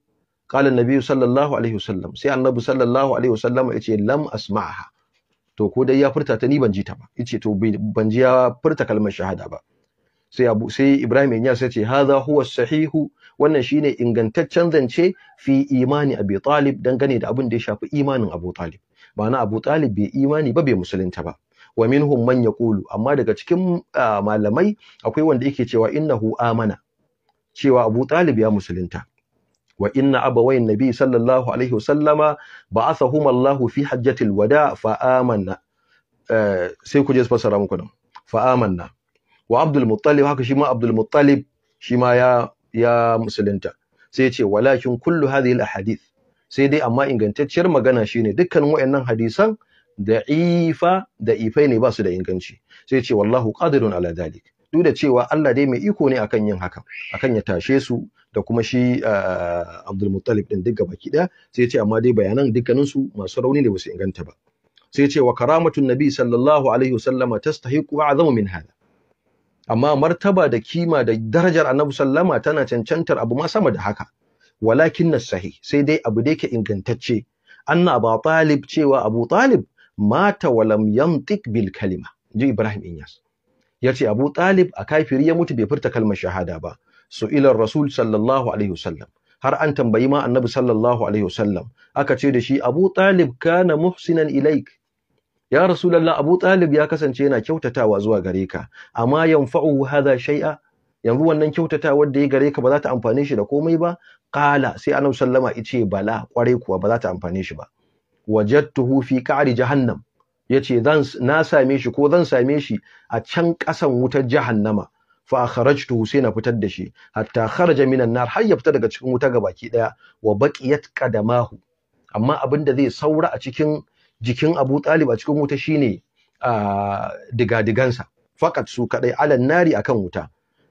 qala annabi sallallahu alaihi sai annabi sallallahu ya ce lam asma'aha to ko dai ya furta ta ni ban ji ta ba yace to ban ji ya furta kalmar shahada ba sai abu sai Ibrahim ya sai ce hadha huwa sahihu wannan shine ingantaccen zance fi imani Abi Talib dangane da abin da ya shafi imanin Abu Talib ba na Abu Talib bai imani ba bai musulunta ba wa minhum man yaqulu amma daga cikin malamai akwai wanda yake cewa innahu amana cewa Abu Talib ya musulunta wa inna abawayn nabi sallallahu alaihi wasallama ba'athahuma Allahu fi hajjatil wada fa amanna eh, sai ku je fassara muku nan fa amanna wa Abdul Muttalib haka shi ma Abdul Muttalib shi ma ya ya musulunta sai ya ce walakin kullu hadhihi al ahadith sai dai amma ingantacciyar magana shine dukkanin wayannan hadisan da'ifa da'ifai ne ba su da inganci sai ya ce wallahu qadirun ala dhalik duk da cewa Allah dai mai iko ne akan yin haka akan ya tashe su da kuma shi eh, Abdul Muttalib din duka baki daya sai ya ce amma dai bayanan dukkanin su masu rauni ne ba su inganta ba sai ya ce wa karamatun nabi sallallahu alaihi wasallama tastahiqu azamu min hada amma martaba da kima da darajar annabi sallama tana cancantar abu ma sama da haka walakin sahih sai dai abu da yake ingantacce anna ba talib cewa abu talib mata walam yantik bil kalima ji ibrahim inyas yace Abu Talib a kafiri ya mutu bai furta kalmar shahada ba su ilar Rasul sallallahu alaihi wasallam har an tambayi ma Annabi sallallahu alaihi wasallam aka ce da shi Abu Talib kana muhsinan ilaik ya Rasulullah Abu Talib ya kasance yana kyautatawa zuwa gare ka amma yanfa'u hadha shay'a yanzu wannan kyautatawar da ya gare ka ba za ta amfane shi da komai ba Ƙala, sai Annabi sallama yace bala kware kuwa ba za ta amfane shi ba wajadtuhu fi ka'ri jahannam ya ce na same shi ko zan same shi a can ƙasan wutar jahannama fa kharajtu sai na fitar da shi hatta kharaja minan nar har ya fita daga cikin wuta ga baki daya wa baqiyat qadamahu amma abin da zai saura a cikin jikin Abu Talib a cikin wuta shine a digadigansa fakat su kadai alan nari akan wuta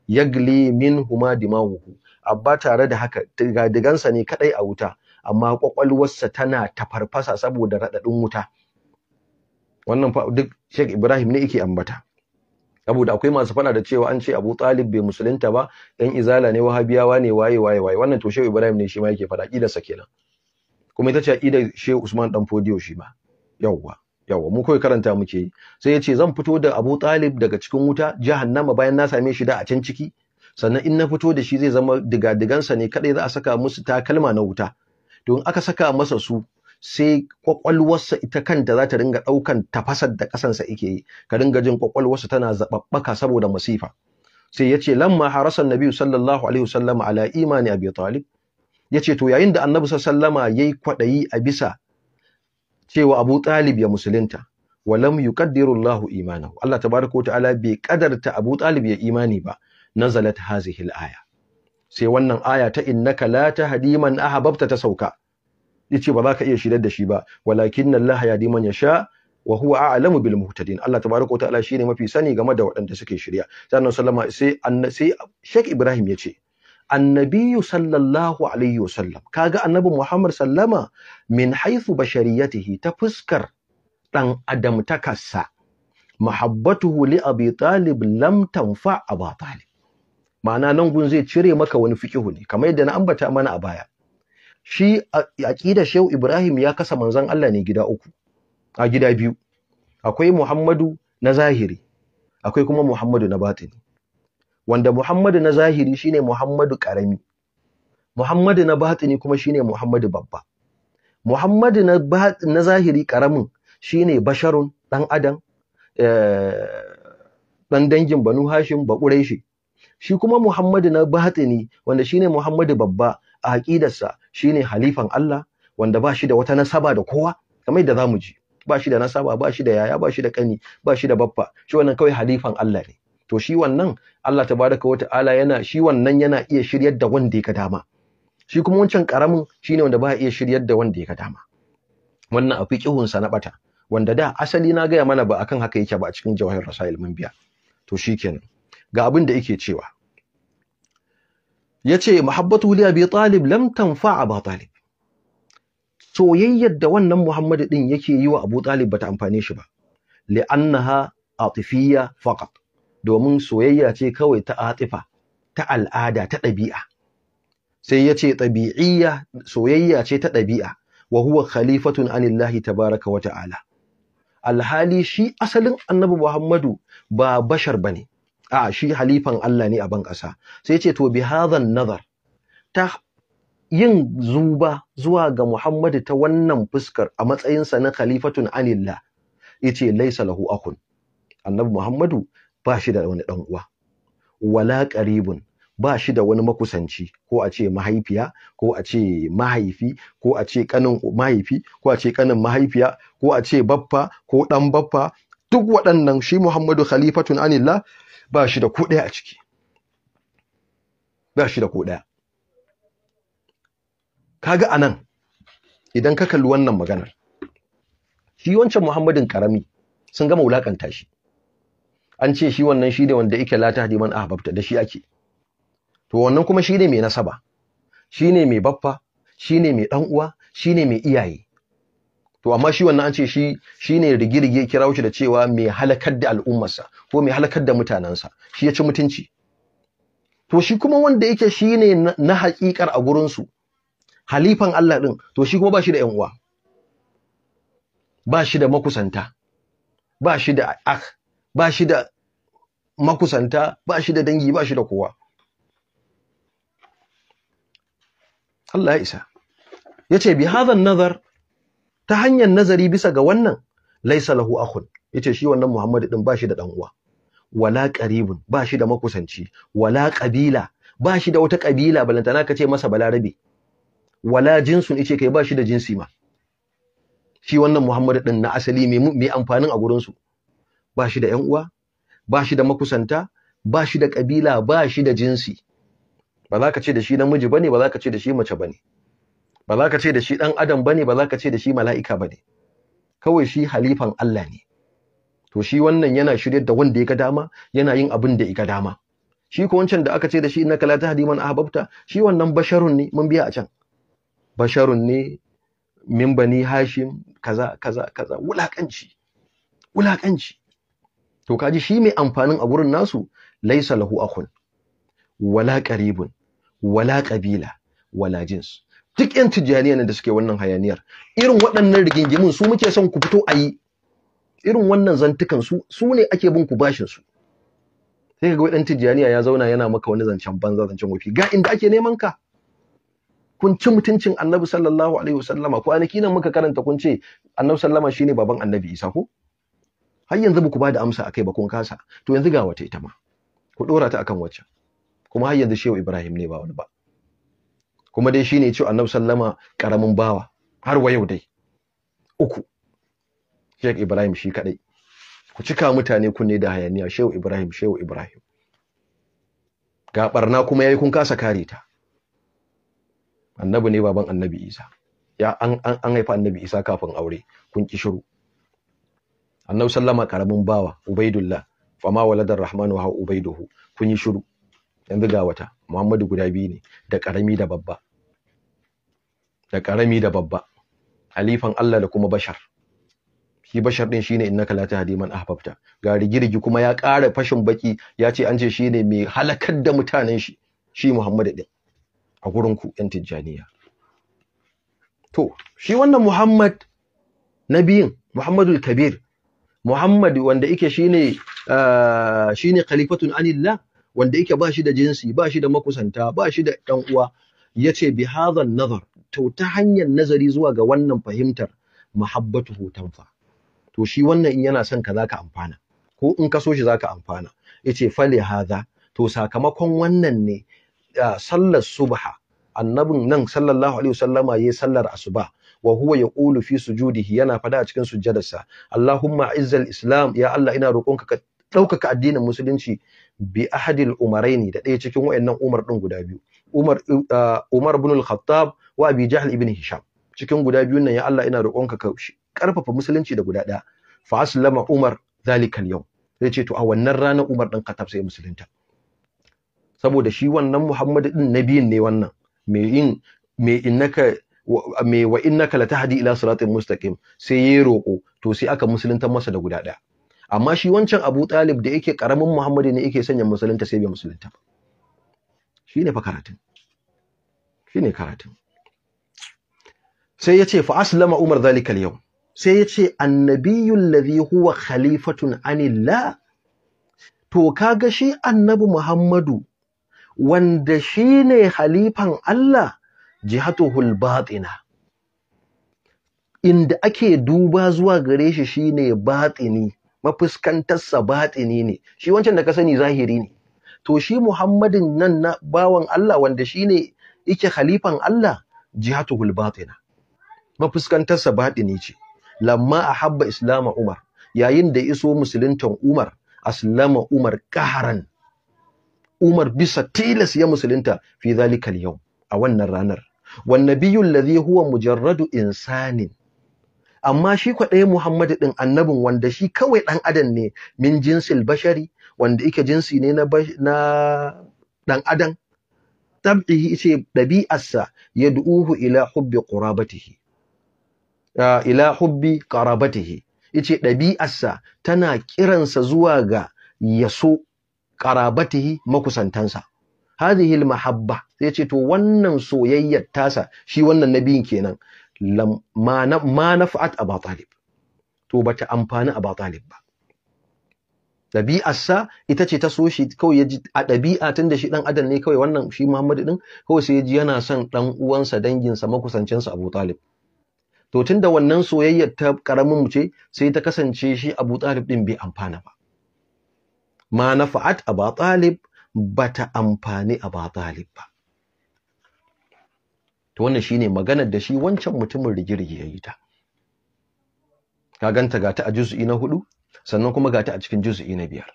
yagli minhuma dimahu abba tare da haka digadigansa ne kadai a wuta amma kwakwalwarsa tana tafarfasa saboda radadin wuta wannan fa duk Sheikh Ibrahim ne yake ambata saboda akwai masu fana da cewa an ce Abu Talib bai musulunta ba dan izala ne wahabiyawa ne waye waye waye wannan to Sheikh Ibrahim ne shi ma yake fada kida sa kenan kuma ita ce aqidar Sheikh Usman dan Fodiyo shi ma yawwa yawwa mu kai karanta muke yi sai ya ce zan fito da Abu Talib daga cikin wuta jahannama bayan na same shi da a can ciki sannan in na fito da shi zai zama digadigansa ne kadai za a saka musu takalma na wuta to in aka saka masa su sai kwakwalwarsa ita kanta za ta ringa ɗaukan tafasar da ƙasansa ike yi ka ringa jin kwakwalwarsa tana zaɓaɓɓaka saboda masifa sai ya ce lamma harasan nabiyu sallallahu alaihi wasallama ala imani abi talib ya ce to yayin da annabi sallama ya yi kwaɗayi a bisa cewa abu talib ya musulunta walam yuqaddiru Allahu imanahu Allah tabaraka ta'ala bai kadarta abu talib ya imani ba nazalat hazihi al-aya sai wannan aya ta innaka la tahdi man ta ta sauka yace ba za ka iya shirya da shi ba walakin Allah di man ya wa huwa a'lamu bil muhtadin Allah tabaraka wa ta'ala shine mafi sani game da waɗanda suke shirya sannan sallama sai sai Sheikh Ibrahim yace annabi sallallahu alaihi wasallam kaga annabi Muhammad sallama min haythu bashariyatihi ta fuskar dan adam takarsa mahabbatuhu li abi talib lam tanfa aba talib ma'ana nan gun zai cire maka wani fikihu ne kamar yadda na ambata mana a baya shi aqida Shehu Ibrahim ya kasa manzon Allah ne gida uku a gida biyu akwai Muhammadu na zahiri akwai kuma Muhammadu na batini wanda Muhammadu na zahiri shine Muhammadu karami Muhammadu na batini kuma shine Muhammadu babba Muhammadu na na zahiri karamin shine basharun dan adam dan eh, dangin Banu Hashim ba Quraishi shi kuma Muhammadu na batini wanda shine Muhammadu babba a aqidarsa shine halifan Allah wanda ba shi da wata nasaba da kowa kamar yadda zamu ji ba shi da nasaba ba shi da yaya ba shi da kani ba shi da baffa shi wannan kawai halifan Allah ne to shi wannan Allah tabaraka wata'ala yana shi wannan yana iya shiryar da wanda ya dama shi kuma wancan karamin ne wanda ba iya shiryar da wanda ya dama wannan afi kihun sa na bata wanda da asali na gaya mana ba akan haka yake ba a cikin jawahir rasail mun biya to shikenan ga abin da yake cewa yace muhabbatu li abi talib lam tanfa abu talib soyayyar da wannan muhammadu din yake yi wa abu talib bata amfane shi ba li'annaha atifiyya faqat domin soyayya ce kawai ta atifa ta al'ada ta ɗabi'a sai yace tabi'iyya soyayya ce ta ɗabi'a wa huwa khalifatun anillahi tabaraka wa ta'ala alhali shi asalin annabi muhammadu ba bashar bane a shi halifan Allah ne a ban ƙasa sai ce to bi hadhan nazar ta yin zuba zuwa ga Muhammadu ta wannan fuskar a matsayinsa na khalifatun anillah yace laisa lahu akun annabi Muhammadu ba shi da wani dan uwa wala qaribun ba shi da wani makusanci ko a ce mahaifiya ko a ce mahaifi ko a ce kanin mahaifi ko a ce kanin mahaifiya ko a ce baffa ko dan baffa duk waɗannan shi Muhammadu khalifatun anillah ba shi da ko ɗaya a ciki ba shi da ko ɗaya kaga anan idan ka kalli wannan maganar shi wancan muhammadin karami sun gama wulakanta shi an ce shi wannan shi ne wanda yake lata hadiman ahbabta da shi ake to wannan kuma shi ne mai nasaba shi ne mai baffa shi ne mai ɗan uwa shi ne mai iyaye to amma shi wannan an ce shi shine rigirige kirawo da cewa mai halakar da al'ummarsa ko mai halakar da mutanensa shi ya ci mutunci to shi kuma wanda yake shine na haƙiƙar a gurin halifan Allah ɗin. to shi kuma ba shi da ƴan uwa ba shi da makusanta ba shi da ak, ba shi da makusanta ba shi da dangi ba shi da kowa Allah ya isa yace bi hadha nazar ta hanyar nazari bisa ga wannan laisa lahu akhun yace shi wannan Muhammadu din bashi da dan uwa wala qaribun bashi da makusanci wala qabila bashi da wata kabila balantana kace masa balarabe wala jinsun yace kai bashi da jinsi ma shi wannan Muhammadu din na asali mai mai amfanin a gurin su bashi da yan uwa bashi da makusanta bashi da kabila bashi da jinsi ba za ka ce da shi namiji bane ba za ka ce da shi mace bane ba za ka ce da shi ɗan adam ba ne ba za ka ce da shi mala'ika ba ne kawai shi halifan Allah ne to shi wannan yana shiryar da wanda ya ga dama yana yin abin da ya dama shi ko wancan da aka ce da shi innaka la tahdi man ahbabta shi wannan basharun ne mun biya a can basharun ne min bani hashim kaza kaza kaza wulakanci wulakanci to kaji shi mai amfanin a gurin nasu laisa lahu akhun wala qaribun wala qabila wala jins duk yan tijjaniya ne da suke wannan hayaniyar irin waɗannan rigingimin su muke son ku fito a yi irin wannan zantukan su su ne ake bin ku bashin su sai ka ga tijjaniya ya zauna yana maka wani zancen banza zancen wofi ga inda ake neman ka kun ci mutuncin annabi sallallahu alaihi wasallama kwanaki nan muka karanta kun ce annabi sallama shine baban annabi isa ko har yanzu ba ku ba da amsa akai ba kun kasa to yanzu ga wata ita ma ku dora ta akan wacce kuma har yanzu shehu ibrahim ne ba wani ba kuma dai shine cewa annabi sallama karamin bawa har wa yau dai uku Sheikh Ibrahim shi kadai ku cika mutane kun ne da hayaniya Shehu Ibrahim Shehu Ibrahim ga barna kuma yayi kun kasa kare ta annabi ne baban annabi Isa ya an an, an haifa annabi Isa kafin aure kun ki shiru annabi sallama karamin bawa Ubaidullah fama waladar rahman ha ubaiduhu kun yi shiru yanzu ga wata Muhammadu guda biyu ne da karami da babba da karami da babba halifan Allah da kuma bashar shi bashar din shine innaka la tahdi man ahbabta ga rigirgi kuma ya ƙara fashin baki ya ce an ce shine mai halakar da mutanen shi shi Muhammadu din a gurin ku yan tijjaniya to shi wannan Muhammad nabiyin Muhammadul Kabir Muhammad wanda yake shine ah, shine khalifatun anillah wanda yake ba shi da jinsi ba shi da makusanta ba shi da ɗan uwa yace bi hadhan nazar to ta hanyar nazari zuwa ga wannan fahimtar muhabbatuhu fa. to shi wannan in yana son ka zaka amfana ko in ka so shi zaka amfana yace fali hadha to sakamakon wannan ne sallar subha annabin nan sallallahu alaihi wasallama yayi sallar asuba wa huwa yaqulu fi sujudihi yana fada a cikin sujjadarsa Allahumma izzal islam ya Allah ina roƙonka ka ɗaukaka addinin musulunci bi ahadil umaraini da ɗaya cikin wayannan umar ɗin guda biyu umar uh, umar ibn al-khattab wa abi jahl ibn hisham cikin guda biyun nan ya Allah ina roƙonka ka karfafa musulunci da guda ɗaya fa aslama umar zalika al-yawm ce to a wannan ranar umar ɗin khattab sai musulunta saboda shi wannan Muhammad na nabiyin ne wannan me in me innaka me wa innaka latahdi ila siratin mustaqim sai yayi roƙo to sai aka musulunta masa da guda ɗaya amma shi wancan Abu Talib da yake karamin Muhammadu ne yake sanya musulunta sai bai musulunta ba shine fa karatun shine karatun sai yace fa aslama Umar zalika al-yawm sai yace annabiyyu alladhi huwa khalifatun anilla to kaga shi annabi Muhammadu wanda shine Khalifan Allah al batina inda ake duba zuwa gare shi shine batini mafuskantarsa batini ne shi wancan da ka sani zahiri ne to shi Muhammadin nan na bawan Allah wanda shine yake khalifan Allah jihatuhul batina mafuskantarsa batini ce lamma ahabba islama Umar yayin da iso musuluntan Umar aslama Umar qaharan Umar bisa tilas ya musulunta fi zalika al a wannan ranar wan nabiyyu ladhi huwa mujarradu insanin amma shi kwaɗaye Muhammadu ɗin annabin wanda shi kawai ɗan adam ne min jinsil bashari wanda ike jinsi ne na ɗan adam tab'ihi ce ɗabi'arsa ya du'uhu ila hubbi qurabatihi ila hubbi qarabatihi yace ɗabi'arsa tana kiransa zuwa ga yaso qarabatihi makusantansa hadhihi almahabba sai yace to wannan soyayyar tasa shi wannan nabiyin kenan ma nafa'at aba talib to ta amfani aba talib ba ɗabi'arsa ita ce ta so shi kawai ya ji a ɗabi'a tun da shi ɗan adam ne kawai wannan shi Muhammadu ɗin kawai sai ya ji yana son ɗan uwansa danginsa makusancinsa Abu Talib to tun da wannan soyayyar ta ƙaramin mu ce sai ta kasance shi Abu Talib ɗin bai amfana ba ma nafa'at Abu Talib bata amfani Abu Talib ba to wannan shine maganar da shi wancan mutumin rigirgi ya yi ta ka ganta gata a juzu'i na hudu sannan kuma gata a cikin juzu'i na biyar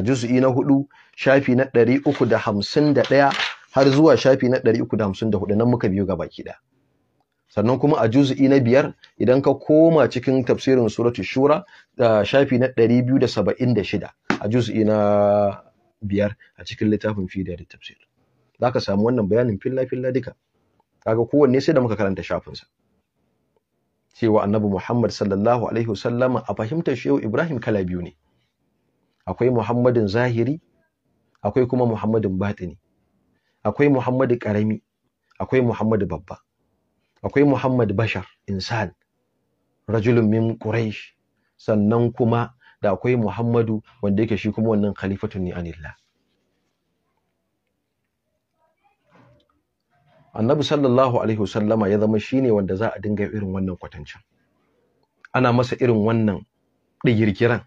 a juzu'i na hudu shafi na 351 har zuwa shafi na 354 nan muka biyo baki ɗaya. sannan kuma a juzu'i na biyar idan ka koma cikin tafsirin suratul shura da shafi na 276 a juzu'i na biyar a cikin littafin fi da tafsir zaka samu wannan bayanin filla filla duka kaga kowanne sai da muka karanta shafinsa cewa annabi Muhammad sallallahu alaihi wasallama a fahimtar shi Ibrahim kala biyu ne akwai Muhammadin zahiri akwai kuma Muhammadin batini akwai Muhammadu karami akwai Muhammadu babba akwai Muhammad bashar insan rajulun min quraish sannan kuma da akwai Muhammadu wanda yake shi kuma wannan khalifatun ni anillah annabi sallallahu alaihi wasallama ya zama shine wanda za a dinga irin wannan kwatancin ana masa irin wannan digirgiran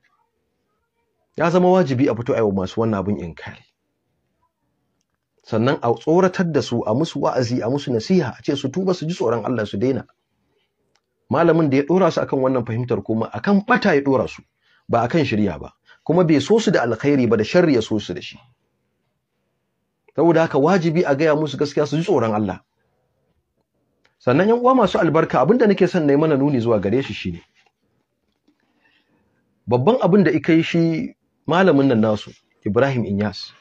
ya zama wajibi a fito a masu wannan abin inkari sannan a tsoratar da su a musu wa'azi a musu nasiha a ce su tuba su ji tsoron Allah su daina malamin da ya dora su akan wannan fahimtar kuma akan bata ya dora su ba akan shirya ba kuma bai so su da alkhairi ba da sharri ya so su da shi saboda haka wajibi a gaya musu gaskiya su ji tsoron Allah sannan yan uwa masu albarka abinda nake son nayi mana nuni zuwa gare shi shine babban abin da ikai shi malamin nan nasu Ibrahim Inyas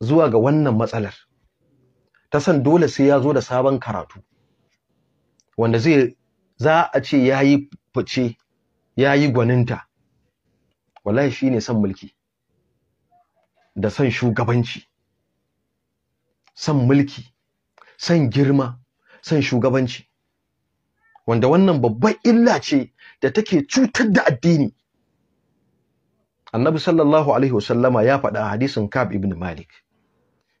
zuwa ga wannan matsalar ta san dole sai ya zo da sabon karatu wanda zai za a ce yayi fice yayi gwaninta wallahi shine san mulki da son shugabanci son mulki son girma son shugabanci wanda wannan babban illa ce da take cutar da addini annabi sallallahu alaihi wasallama ya faɗa a hadisin kab ibn malik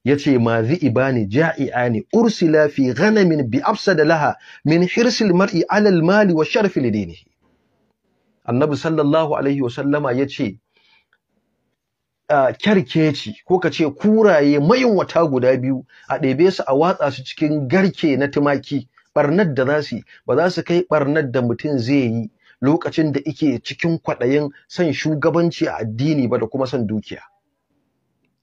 yace ma ibani ja'iani ursila fi ghanamin bi afsada laha min hirsil mar'i ala al mali wa sharfi lidinihi annabi sallallahu alaihi wasallama yace kyarkeci ko ka ce kuraye mayunwata guda biyu a ɗebe su a watsa su cikin garke na tumaki Ɓarnar da za su yi ba za su kai ɓarnar da mutum zai yi lokacin da ike cikin kwaɗayin son shugabanci a addini ba da kuma son dukiya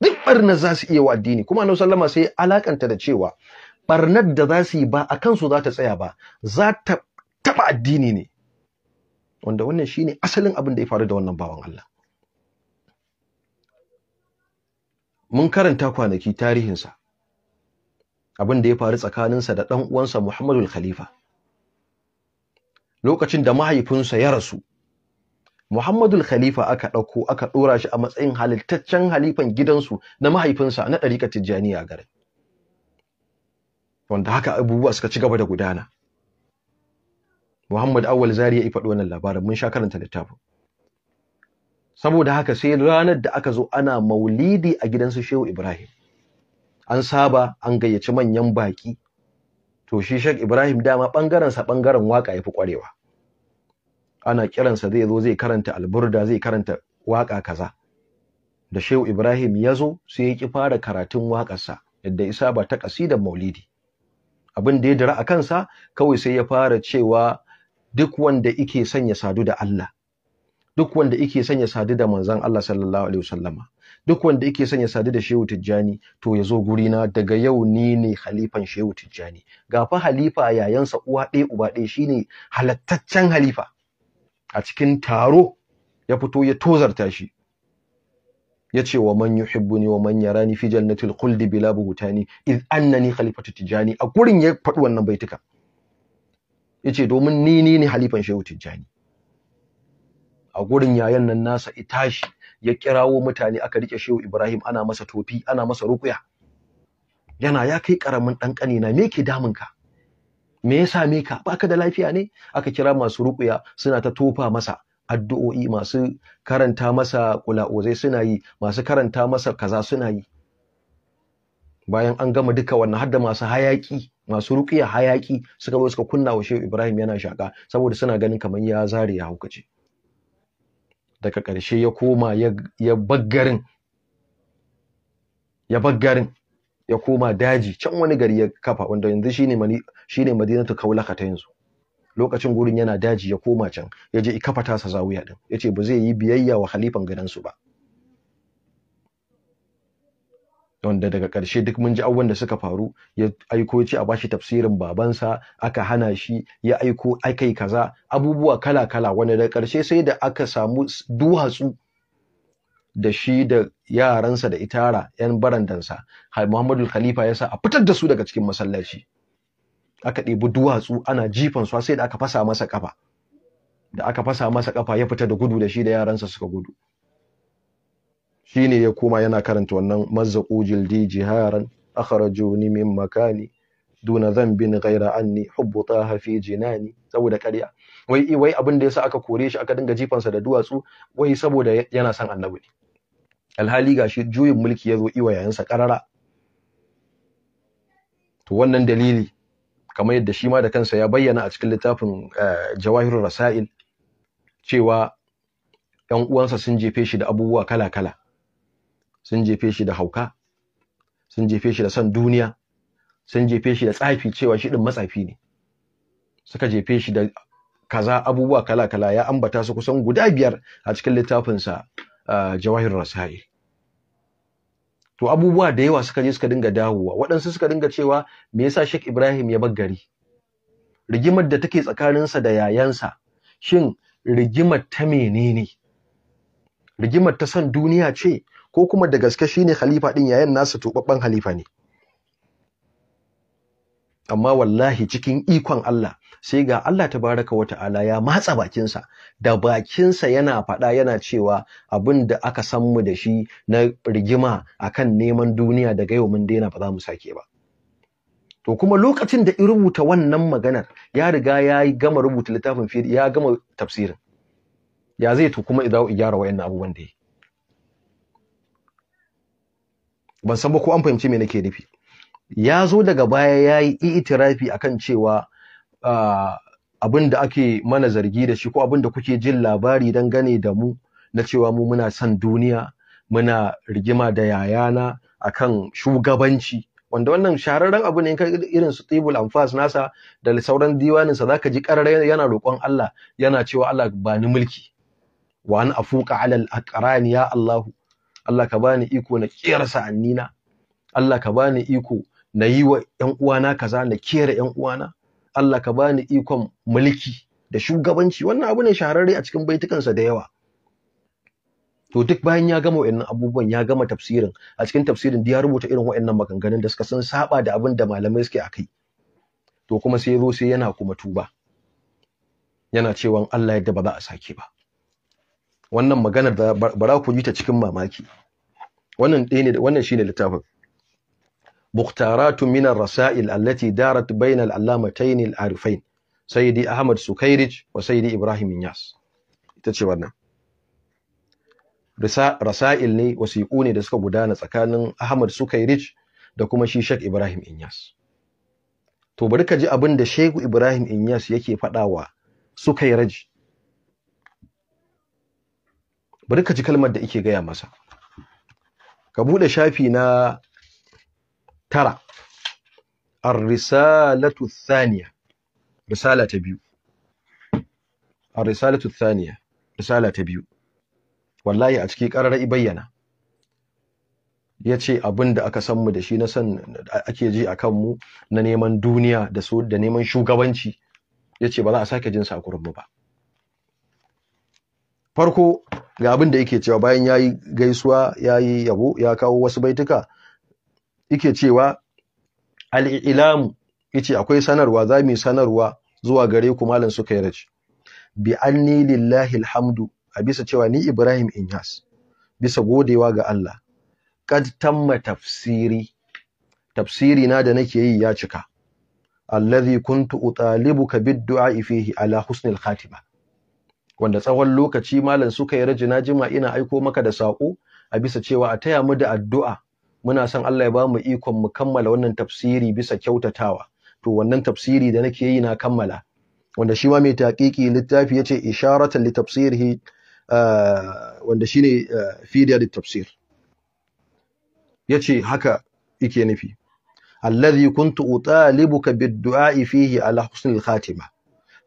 duk ɓarnar za su iya wa addini kuma na sallama sai alakanta da cewa ɓarnar da za su yi ba a kansu za ta tsaya ba za ta taɓa addini ne wanda wannan shine asalin abin da ya faru da wannan bawan Allah mun karanta kwanaki tarihinsa abin da ya faru tsakaninsa da ɗan uwansa Muhammadu Khalifa lokacin da mahaifinsa ya rasu Muhammadu Khalifa aka ɗauko aka ɗora shi a matsayin halittaccen halifan gidansu na mahaifinsa na ɗariƙar Tijjaniya garin wanda haka abubuwa suka ci gaba da gudana Muhammad Awal Zariya ya faɗi wannan labarin mun sha karanta littafin saboda haka sai ranar da aka zo ana maulidi a gidansu Shehu Ibrahim an saba an gayyaci manyan baki to shi Sheikh Ibrahim dama bangaren sa bangaren waka yafi kwarewa ana kiransa zai zo zai karanta alburda zai karanta waka kaza da Shehu Ibrahim ya zo sai ya ki fara karatun waƙarsa yadda isa ba ta kasidar maulidi abin da ya dira a kansa kawai sai ya fara cewa duk wanda ike son ya sadu da Allah duk wanda yake son ya sadu da manzon Allah sallallahu alaihi wasallama duk wanda yake sanya ya sadu da Shehu Tijjani to ya zo guri na daga yau ni ne halifan Shehu Tijjani Ga fa halifa yayansa uwa ɗaya uba ɗaya shine halattaccen halifa a cikin taro ya fito ya tozarta shi ya ce wa man yuhibbuni wa man yarani fi jannatil khuldi bila buhutani iz annani khalifatu tijani a gurin ya faɗi wannan baituka yace domin ni ni ne halifan Shehu Tijjani a gurin yayan nan nasa itashi ya kirawo mutane aka rike shehu Ibrahim ana masa tofi ana masa rukuya yana ya kai karamin dan kanina me ke damun ka me yasa me ka baka da lafiya ne aka kira masu rukuya suna ta tofa masa addu'o'i masu karanta masa kula'ozai suna yi masu karanta masa kaza suna yi bayan an gama duka wannan har da masu hayaki masu rukiya hayaki suka zo suka kunna wa Shehu Ibrahim yana shaka saboda suna ganin kamar ya zare ya haukace daga ƙarshe ya koma ya baggarin ya baggarin ya koma daji can wani gari ya kafa wanda yanzu shine madinatu kaulaka ta yanzu lokacin gurin yana daji ya koma can ya je kafa tasa zawiya din ce ba zai yi biyayya wa halifan gidansu ba wanda daga ƙarshe duk mun ji abubuwan da suka faru ya aiko ce a bashi tafsirin babansa aka hana shi ya aiko akai kaza abubuwa kala kala wanda daga ƙarshe sai da aka samu duhatsu da shi da yaransa da itara yan barandansa Muhammadu Khalifa ya sa a fitar da su daga cikin masallaci aka ɗebi duwatsu ana jifan su sai da aka fasa masa kafa da aka fasa masa kafa ya fita da gudu da shi da yaransa suka gudu shine ya koma yana karanta wannan mazaku jildi jiharan akhrajuni min makani duna dhanbin ghaira anni hubbu taha fi jinani saboda ƙarya wai wai abin da yasa aka kore shi aka dinga jifansa da duwatsu wai saboda yana son annabi ne alhali gashi juyin mulki yazo iwa yayansa karara to wannan dalili kamar yadda shi ma da kansa ya bayyana a cikin littafin eh, jawahirur rasail cewa ‘yan uwansa sun jefe shi da abubuwa kala-kala sun jefe shi da hauka sun jefe shi da son duniya sun jefe shi da tsafi cewa shi din matsafi ne suka jefe shi da kaza abubuwa kala-kala ya ambata su kusan guda biyar a cikin littafinsa ah, jawahir rasai to abubuwa da yawa suka je suka dinga dawowa waɗansu suka dinga cewa me yasa Sheikh Ibrahim ya bar rigimar da take tsakanin sa da yayansa shin rigimar ta menene rigimar ta san duniya ce ko kuma da gaske shine khalifa din yayin nasa tubabban khalifa ne amma wallahi cikin ikon Allah sai ga Allah tabaraka wa ta'ala ya matsa bakinsa da bakinsa yana faɗa yana cewa abinda aka san mu da shi na rigima akan neman duniya daga yau mun daina ba za mu sake ba to kuma lokacin da in rubuta wannan maganar ya riga ya gama rubuta littafin fi ya gama tafsirin ya zai to kuma idau gyara wayannan abubuwan da yi ban san ba ko an fahimci me nake nufi ya zo daga baya ya yi itirafi akan cewa abin da ake mana zargi da shi ko abin da kuke jin labari gane da mu na cewa mu muna son duniya muna rigima da yayana akan shugabanci wanda wannan shararren abu ne kai irin su tibul anfas nasa da sauran diwaninsa zaka ji karar yana roƙon Allah yana cewa Allah ba ni mulki wa an afuqa alal aqrani ya Allahu Allah ka bani iko na kera sa'annina Allah ka bani iko na yi wa ƴan uwana kaza na kera ƴan uwana Allah ka bani ikon mulki da shugabanci wannan abu ne shahararre a cikin baitukansa da yawa to duk bayan ya gama wa'annan abubuwan ya gama tafsirin a cikin tafsirin da ya rubuta irin wa'annan maganganun da suka san saba da abin da malamai suke akai to kuma sai ya zo sai yana kuma tuba yana cewa Allah yadda ba za a sake ba wannan maganar da bara ku ji ta cikin mamaki wannan ɗaya ne wannan shine littafin Buktaratu min rasail allati darat bayna al-allamatayn al-arifain sayyidi ahmad sukairij wa sayyidi ibrahim yas ita ce wannan rasail ne wasiku ne da suka gudana tsakanin ahmad sukairij da kuma shi shek ibrahim Yas. to bari ka ji abin da shehu ibrahim inyas yake faɗawa sukairij bari ka ji kalmar da ike gaya masa ka bude shafi na tara ar-risalatu thaniya risala ta biyu ar-risalatu thaniya risala ta biyu wallahi a cikin ƙararrai bayyana ya ce abin aka san mu da shi na san ake ji a mu na neman duniya da neman shugabanci ya ce ba za a sake jin sa mu ba farko ga abin da yake cewa bayan yayi gaisuwa yayi yabo ya kawo wasu baituka yake cewa al-ilamu yace akwai sanarwa za mu sanarwa zuwa gare ku malam suka yi raci bi anni lillahi alhamdu a bisa cewa ni Ibrahim Inyas bisa godewa ga Allah kad tamma tafsiri tafsiri na da nake yi ya cika allazi kuntu utalibuka bid du'a fihi ala husnil khatima wanda tsawon lokaci malam suka yi rajina jima ina aiko maka da saƙo a bisa cewa a taya mu da addu'a muna son Allah ya ba mu ikon mu kammala wannan tafsiri bisa kyautatawa to wannan tafsiri da nake yi na kammala wanda shi ma mai taƙiƙi littafi yace isharatan li tafsirihi eh, wanda shine eh, fidiyar li tafsir yace haka yake nufi alladhi kuntu utalibuka bid-du'a fihi ala husnil khatima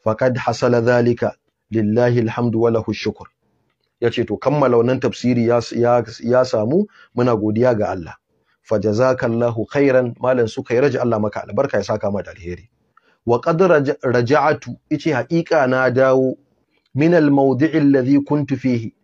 faqad hasala dhalika lillahi alhamdu wa lahu shukr ce to kammala wannan tafsiri ya samu muna godiya ga Allah fajazakallahu khairan malan suka yi raja Allah maka albarka ya saka ma da alheri wa qad raja'atu ice haqiqa na dawo min almawdi'i alladhi kuntu fihi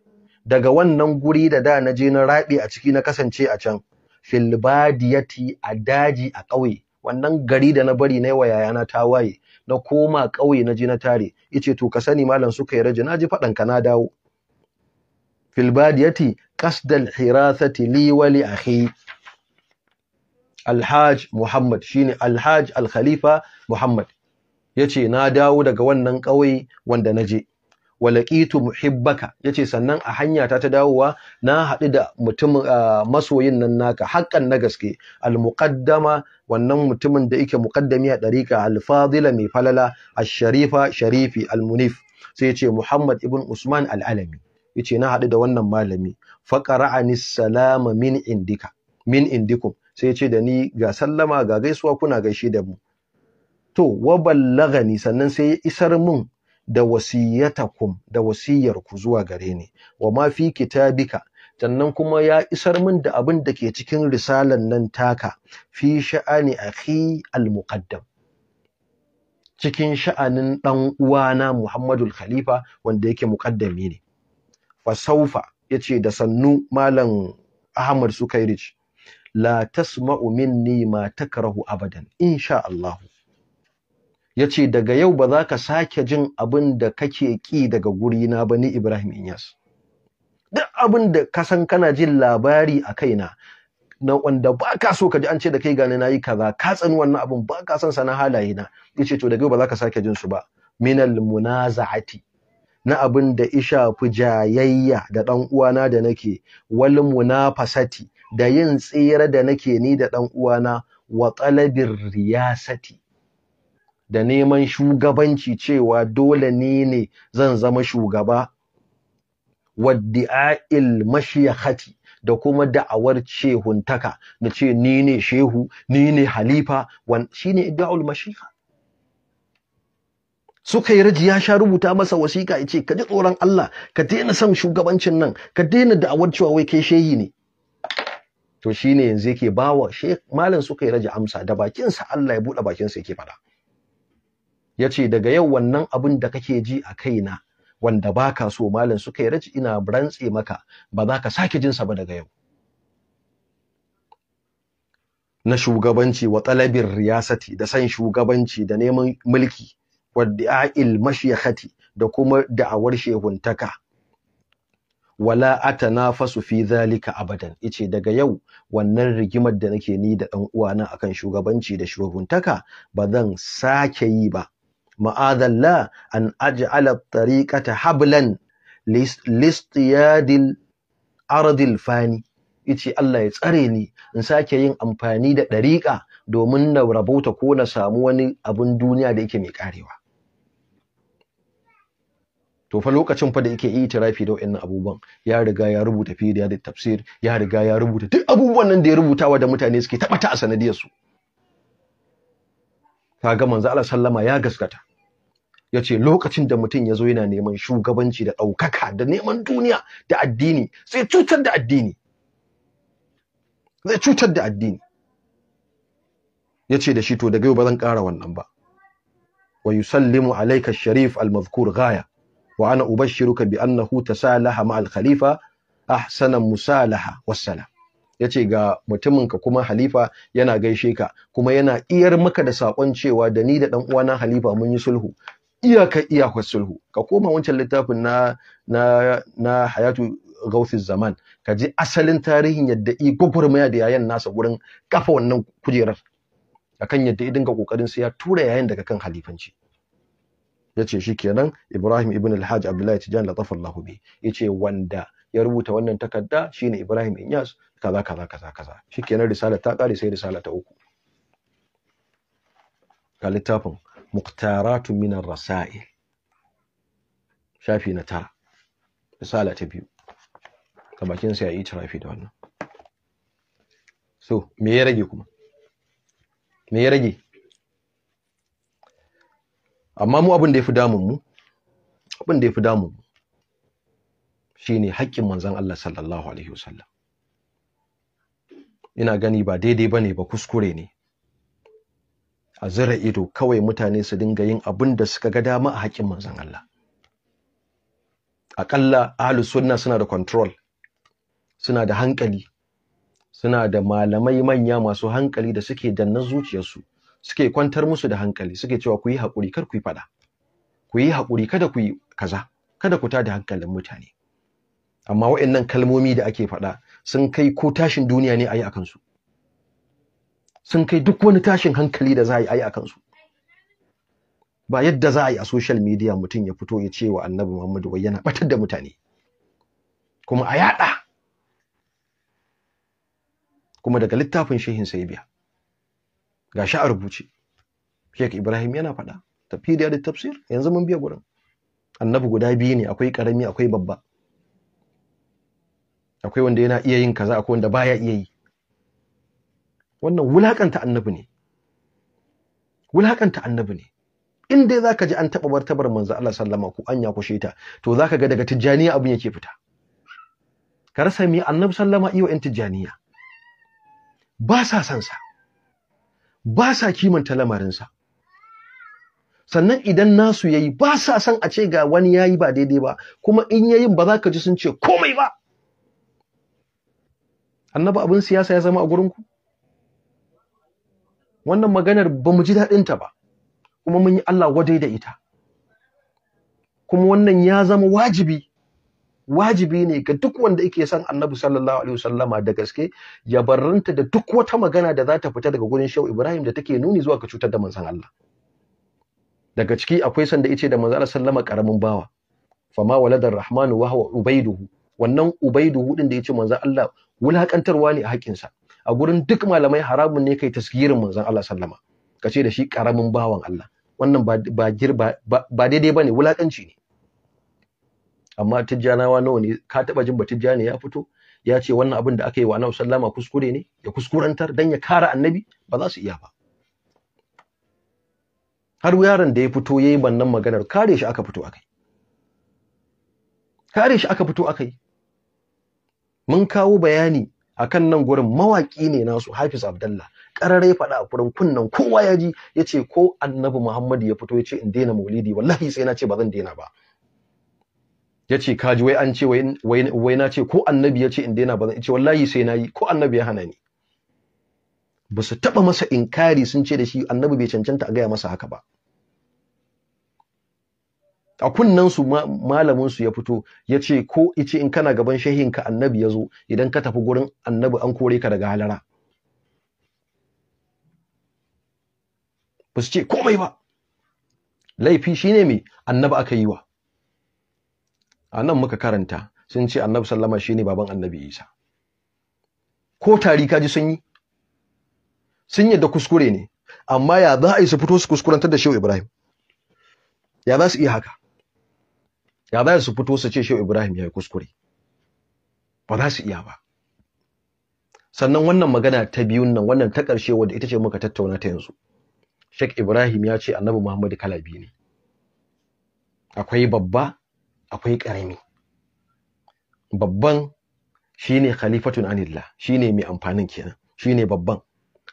daga wannan guri da da na je na rabi a ciki na kasance a can fil badiyati a daji a ƙauye wannan gari da na bari na yi wa yayana ta waye na koma ƙauye na je na tare yace to ka sani malam suka yi raji na ji faɗan ka na dawo fil badiyati qasdal hirasati li wa li akhi alhaj muhammad shine alhaj alkhalifa muhammad yace na dawo daga wannan ƙauye wanda na je Walaƙitu muhibbaka yace sannan a hanya ta ta dawowa na haɗu da mutumin masoyin nan naka haƙƙan na gaske al wannan mutumin da yake muqaddami a ɗarika al mai falala asharifa sharifa sharifi AlMunif. sai yace muhammad ibn usman al alami yace na haɗu da wannan malami faqara'ani salama min indika min indikum sai yace da ni ga sallama ga gaisuwa kuna gaishe da mu to wa ballagani sannan sai ya isar mun da wasiyatakum da wasiyarku zuwa gare ni wa ma fi kitabika sannan kuma ya isar min da abin da ke cikin risalan nan taka fi sha'ani akhi al-muqaddam cikin sha'anin dan uwana Muhammadul Khalifa wanda yake muqaddami ne fa saufa yace da sannu malam Ahmad Sukairij la tasma'u minni ma takrahu abadan insha Allah ya ce daga yau ba za ka sake jin abin da kake ƙi daga gurina ba ni Ibrahim Inyas. Duk abin da ka san kana jin labari a kaina na wanda ba ka so ka ji an ce da kai gane na yi kaza ka tsani wannan abin ba ka san sana halaye na ya ce to daga yau ba za ka sake jin su ba minal munaza'ati na abin da isha fi jayayya da ɗan uwana da nake wal munafasati da yin tsira da nake ni da ɗan uwana wa talabir riyasati da neman shugabanci cewa dole ne ne zan zama shugaba wadda'il mashiyahati da kuma da'awar shehuntaka na ce ni ne shehu ni ne halifa shine idda'ul mashiha suka yi raji ya sha rubuta masa wasiƙa ya ce ka ji tsoron Allah ka daina son shugabancin nan ka daina da'awar cewa wai kai shehi ne to shine yanzu yake bawa malam suka yi raji amsa da bakinsa Allah ya buɗe bakinsa yake faɗa ya ce daga yau wannan abin da kake ji a kaina wanda baka so malam suka yi raji ina rantse maka ba za ka sake jinsa ba daga yau na shugabanci wa talabin riyasati da san shugabanci da neman mulki wa da'il mashyakati da kuma da'awar shehuntaka wala atanafasu fi zalika abadan ice daga yau wannan rigimar da nake ni da dan uwana akan shugabanci da shehuntaka ba zan sake yi ba ma'adalla an alab tariqata hablan listiyadil ardil fani yace Allah ya tsare ni in sake yin amfani da ɗariƙa domin na rabauta ko na samu wani abun duniya da yake mai karewa to fa lokacin fa da yake yi tirafi da wayannan abubuwan ya riga ya rubuta fi da tafsir ya riga ya rubuta duk abubuwan nan da ya rubutawa da mutane suke tabata a sanadiyar su kaga manzo Allah sallama ya gaskata yace lokacin da mutum yazo yana neman shugabanci da ɗaukaka da neman duniya da addini sai cutar da addini zai cutar da addini yace da shi to daga yau ba zan ƙara wannan ba wa yusallimu alayka sharif al-mazkur ghaya wa ana ubashshiruka bi annahu tasalaha ma Alkhalifa, khalifa ahsana musalaha wassalam ya ce ga mutuminka kuma halifa yana gaishe ka kuma yana iyar maka da sakon cewa da ni da ɗan uwana halifa mun yi sulhu iyaka iyaka sulhu ka koma wancan littafin na na na hayatu gausis zaman ka ji asalin tarihin yadda i gwagwarmaya da yayan nasa wurin kafa wannan kujerar akan yadda idan dinga kokarin sai ya tura yayan daga kan halifanci yace shi kenan Ibrahim ibn al-Hajj Abdullahi Tijan latafallahu bi yace wanda ya rubuta wannan takarda shine Ibrahim Inyas kaza kaza kaza kaza shikenan risala ta kare sai risala ta uku ga littafin muqtaratu min rasail shafi na tara risala ta biyu ka bakin sai a yi tarafi da wannan so me ya rage kuma me ya rage amma mu abin da ya fi damun mu abin da ya fi damun mu shine hakkin manzon Allah sallallahu alaihi wasallam ina gani ba daidai bane ba kuskure ne a zira ido kawai mutane su dinga yin abin da suka ga dama a haƙƙin manzon Allah aƙalla ahlu sunna suna da control suna da hankali suna da malamai manya masu hankali da suke danna zuciyarsu suke kwantar musu da hankali suke cewa ku yi haƙuri kar ku yi faɗa ku yi haƙuri kada ku yi kaza kada ku tada hankalin mutane amma waɗannan kalmomi da ake faɗa sun kai ko tashin duniya ne a yi a kansu sun kai duk wani tashin hankali da za a yi a kansu ba yadda za a yi a social media mutum ya fito ya ce wa annabi muhammadu wai yana batar da mutane kuma a yaɗa kuma daga littafin shehin ya biya ga shi a rubuce Sheikh Ibrahim yana faɗa tafsir da tafsir yanzu mun biya gurin annabi guda biyu ne akwai karami akwai babba akwai wanda yana iya yin kaza akwai wanda baya iya yi wannan wulakanta annabi ne wulakanta annabi ne in dai zaka ji an taba martabar manzo Allah sallama ku, anya kushe ta to zaka ga daga tijjaniya abin yake fita ka rasa mi annabi sallama iyo in tijjaniya ba sa san sa ba sa kimanta lamarin sa sannan idan nasu yayi ba sa san a ce ga wani yayi ba daidai ba kuma in yayin ba za ka ji sun ce komai ba annabi abin siyasa ya zama a gurinku wannan maganar ba mu ji daɗinta ba kuma mun yi Allah wadai da ita kuma wannan ya zama wajibi wajibi ne ga duk wanda yake son annabi sallallahu alaihi wasallama da gaske ya barranta da duk wata magana da za ta fita daga gurin shehu ibrahim da take nuni zuwa ka cutar da manzon Allah daga ciki akwai sanda ice da manzon Allah sallama karamin bawa fama waladar rahmanu wa huwa ubaiduhu wannan ubaiduhu din da yace manzon Allah wulakantarwa ne a sa a gurin duk malamai haramun ne kai tasgirin manzon Allah sallama kace da shi karamin bawan Allah wannan ba ba ba ne bane wulakanci ne amma tijjanawa nawa ne ka taba jin ba tijjani ya fito ya ce wannan abin da aka yi wa annabi sallama kuskure ne ya kuskurantar dan ya kara annabi ba za su iya ba har yaron da ya fito yayi wannan maganar kare shi aka fito akai kare shi aka fito akai mun kawo bayani akan nan gurin mawaƙi ne nasu Hafiz Abdullah ƙarare faɗa a gurin kunnan kowa ya ji yace ko annabi Muhammadu ya fito ya ce in daina maulidi wallahi sai na ce ba zan daina ba Yace kaji wai an ce wai na ce ko annabi ya ce in daina ba zan ce wallahi sai na yi ko annabi ya hana ni ba su taɓa masa inkari sun ce da shi annabi bai cancanta a gaya masa haka ba a kunnen su malamin su ya fito ya ce ko ice in kana gaban shehin ka annabi ya zo idan ka tafi gurin annabi an kore ka daga halara ba su ce komai ba laifi shine mai annabi aka yi wa a nan muka karanta sun ce annabi sallama shine baban annabi isa ko tari ka sun yi sun yadda kuskure ne amma ya za a yi su fito su kuskurantar da shehu ibrahim ya za su iya haka ya za su fito su ce shehu ibrahim ya yi kuskure ba za su iya ba sannan wannan magana ta biyun nan wannan ta ƙarshe wadda ita ce muka tattauna ta yanzu Sheikh Ibrahim ya ce Annabi Muhammadu kala biyu ne akwai babba akwai ƙarami babban shine khalifatun anillah shine mai amfanin kenan shine babban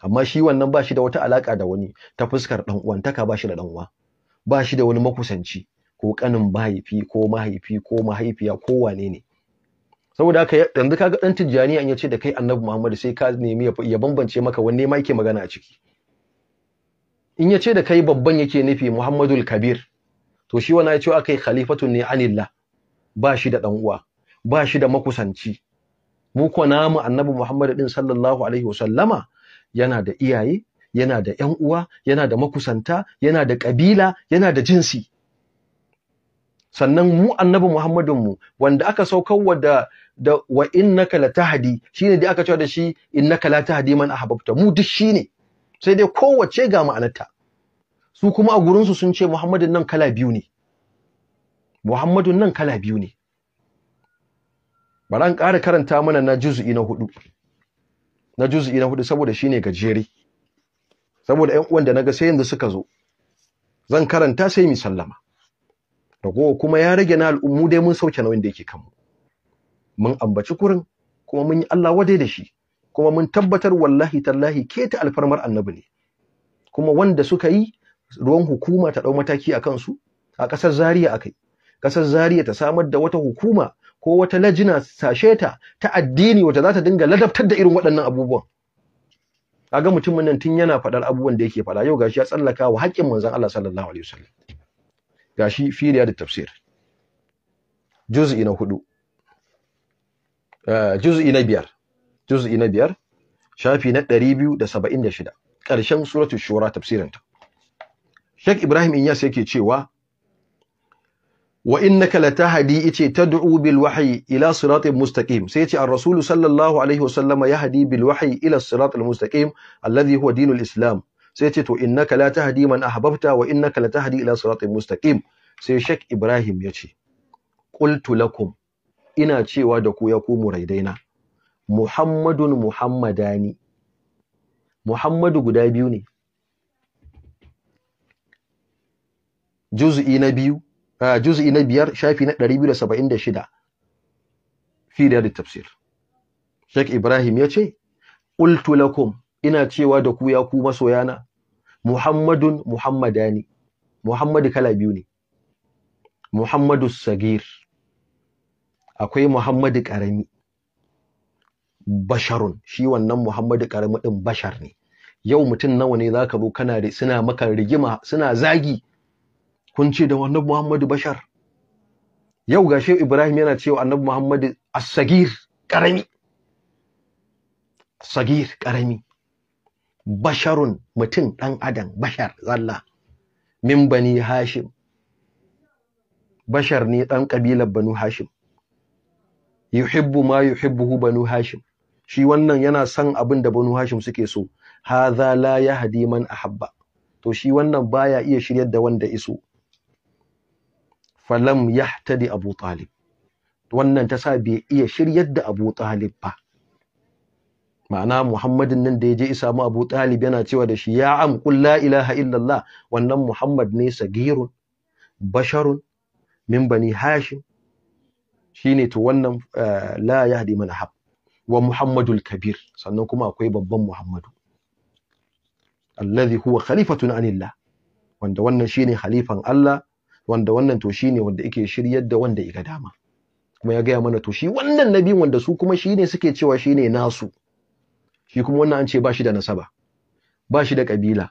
amma shi wannan ba shi da wata alaka da wani ta fuskar dan uwantaka ba shi da dan uwa ba shi da wani makusanci ko kanin mahaifi ko mahaifi ko mahaifiya ko wane ne saboda haka yanzu kaga dan tijjani an yace da kai annabi Muhammad sai ka nemi ya bambance maka wanne ma yake magana a ciki in yace da kai babban yake nufi Muhammadul Kabir to shi wannan yace akai khalifatun ne anillah ba shi da dan uwa ba shi da makusanci mu ko namu annabi Muhammad din sallallahu alaihi wasallama yana da iyaye yana da ƴan uwa yana da makusanta yana da kabila yana da jinsi sannan mu annabi Muhammadun mu wanda aka saukar da da wa innaka latahdi shine dai aka cewa da shi innaka latahdi man ahbabta mu duk shine sai dai kowace ga ma'anarta su kuma a gurin su sun ce Muhammadun nan kala biyu ne Muhammadun nan kala biyu ne bari an ƙara karanta mana na juz'i na hudu na juz'i na hudu saboda shine gajere saboda ƴan uwan da naga sai yanzu suka zo zan karanta sai mi sallama Rago kuma ya rage na al'ummu dai mun sauke nauyin da yake kanmu mun ambaci kurin kuma mun yi Allah wadai da shi kuma mun tabbatar wallahi tallahi keta alfarmar annabi ne kuma wanda suka yi ruwan hukuma ta ɗau mataki a kansu a ƙasar Zaria a kai, ƙasar Zaria ta samar da wata hukuma ko wata lajina sashe ta ta addini wata za ta dinga ladabtar da irin waɗannan abubuwan kaga mutumin nan tun yana faɗar abubuwan da yake faɗa yau gashi ya tsallaka wa haƙƙin manzon Allah sallallahu alaihi wasallam gashi fi da tafsir juz'i na hudu eh, juz'i na biyar juz'i na biyar shafi na 276 ƙarshen suratul shura tafsirinta Shekh Ibrahim Inyas yake cewa wa innaka latahdi ice tad'u bil wahyi ila siratin mustaqim sai yace ar-rasul sallallahu alaihi wasallama bil wahyi ila siratil mustaqim alladhi huwa dinul islam sai ce to innaka la tahdi man ahbabta wa innaka la tahdi ila siratin mustaqim sai Sheikh Ibrahim ya ce qultu lakum ina cewa da ku ya ku muraidaina Muhammadun Muhammadani Muhammadu guda biyu ne juz'i na biyu juz'i na biyar shafi na 276 fi da tafsir Sheikh Ibrahim ya ce qultu lakum ina cewa da ku ya ku masoyana Muhammadun Muhammadani Muhammadu kala biyu ne Muhammadu Sagir akwai Muhammadu Karami basharun shi wannan Muhammadu Karami din bashar ne yau mutum nawa ne zaka zo kana da suna maka rigima suna zagi kun ce da wannan Muhammadu bashar yau gashe Ibrahim yana cewa annabi Muhammadu as-sagir karami sagir karami basharun mutum ɗan adam bashar zalla min bani hashim bashar ne ɗan ƙabilar banu hashim yuhibbu ma yuhibbuhu banu hashim shi wannan yana son abin da banu hashim suke so hadha la yahdi man ahabba to shi wannan baya iya shiryar da wanda iso falam yahtadi abu talib wannan ta sa bai iya shiryar da abu talib ba ma'ana Muhammadin nan da ya je isa mu Abu Talib yana cewa da shi ya am qul la ilaha illallah wannan Muhammad ne sagirun basharun min bani hashim shine to wannan eh, la yahdi man hab wa Muhammadul kabir sannan kuma akwai babban Muhammadu alladhi huwa khalifatun anillah wanda wannan shine khalifan Allah wanda wannan to shine wanda yake shiryar da wanda ya dama kuma ya gaya mana to shi wannan nabi wanda su kuma shine suke cewa shine nasu shi kuma wannan an ce ba shi da nasaba ba shi da kabila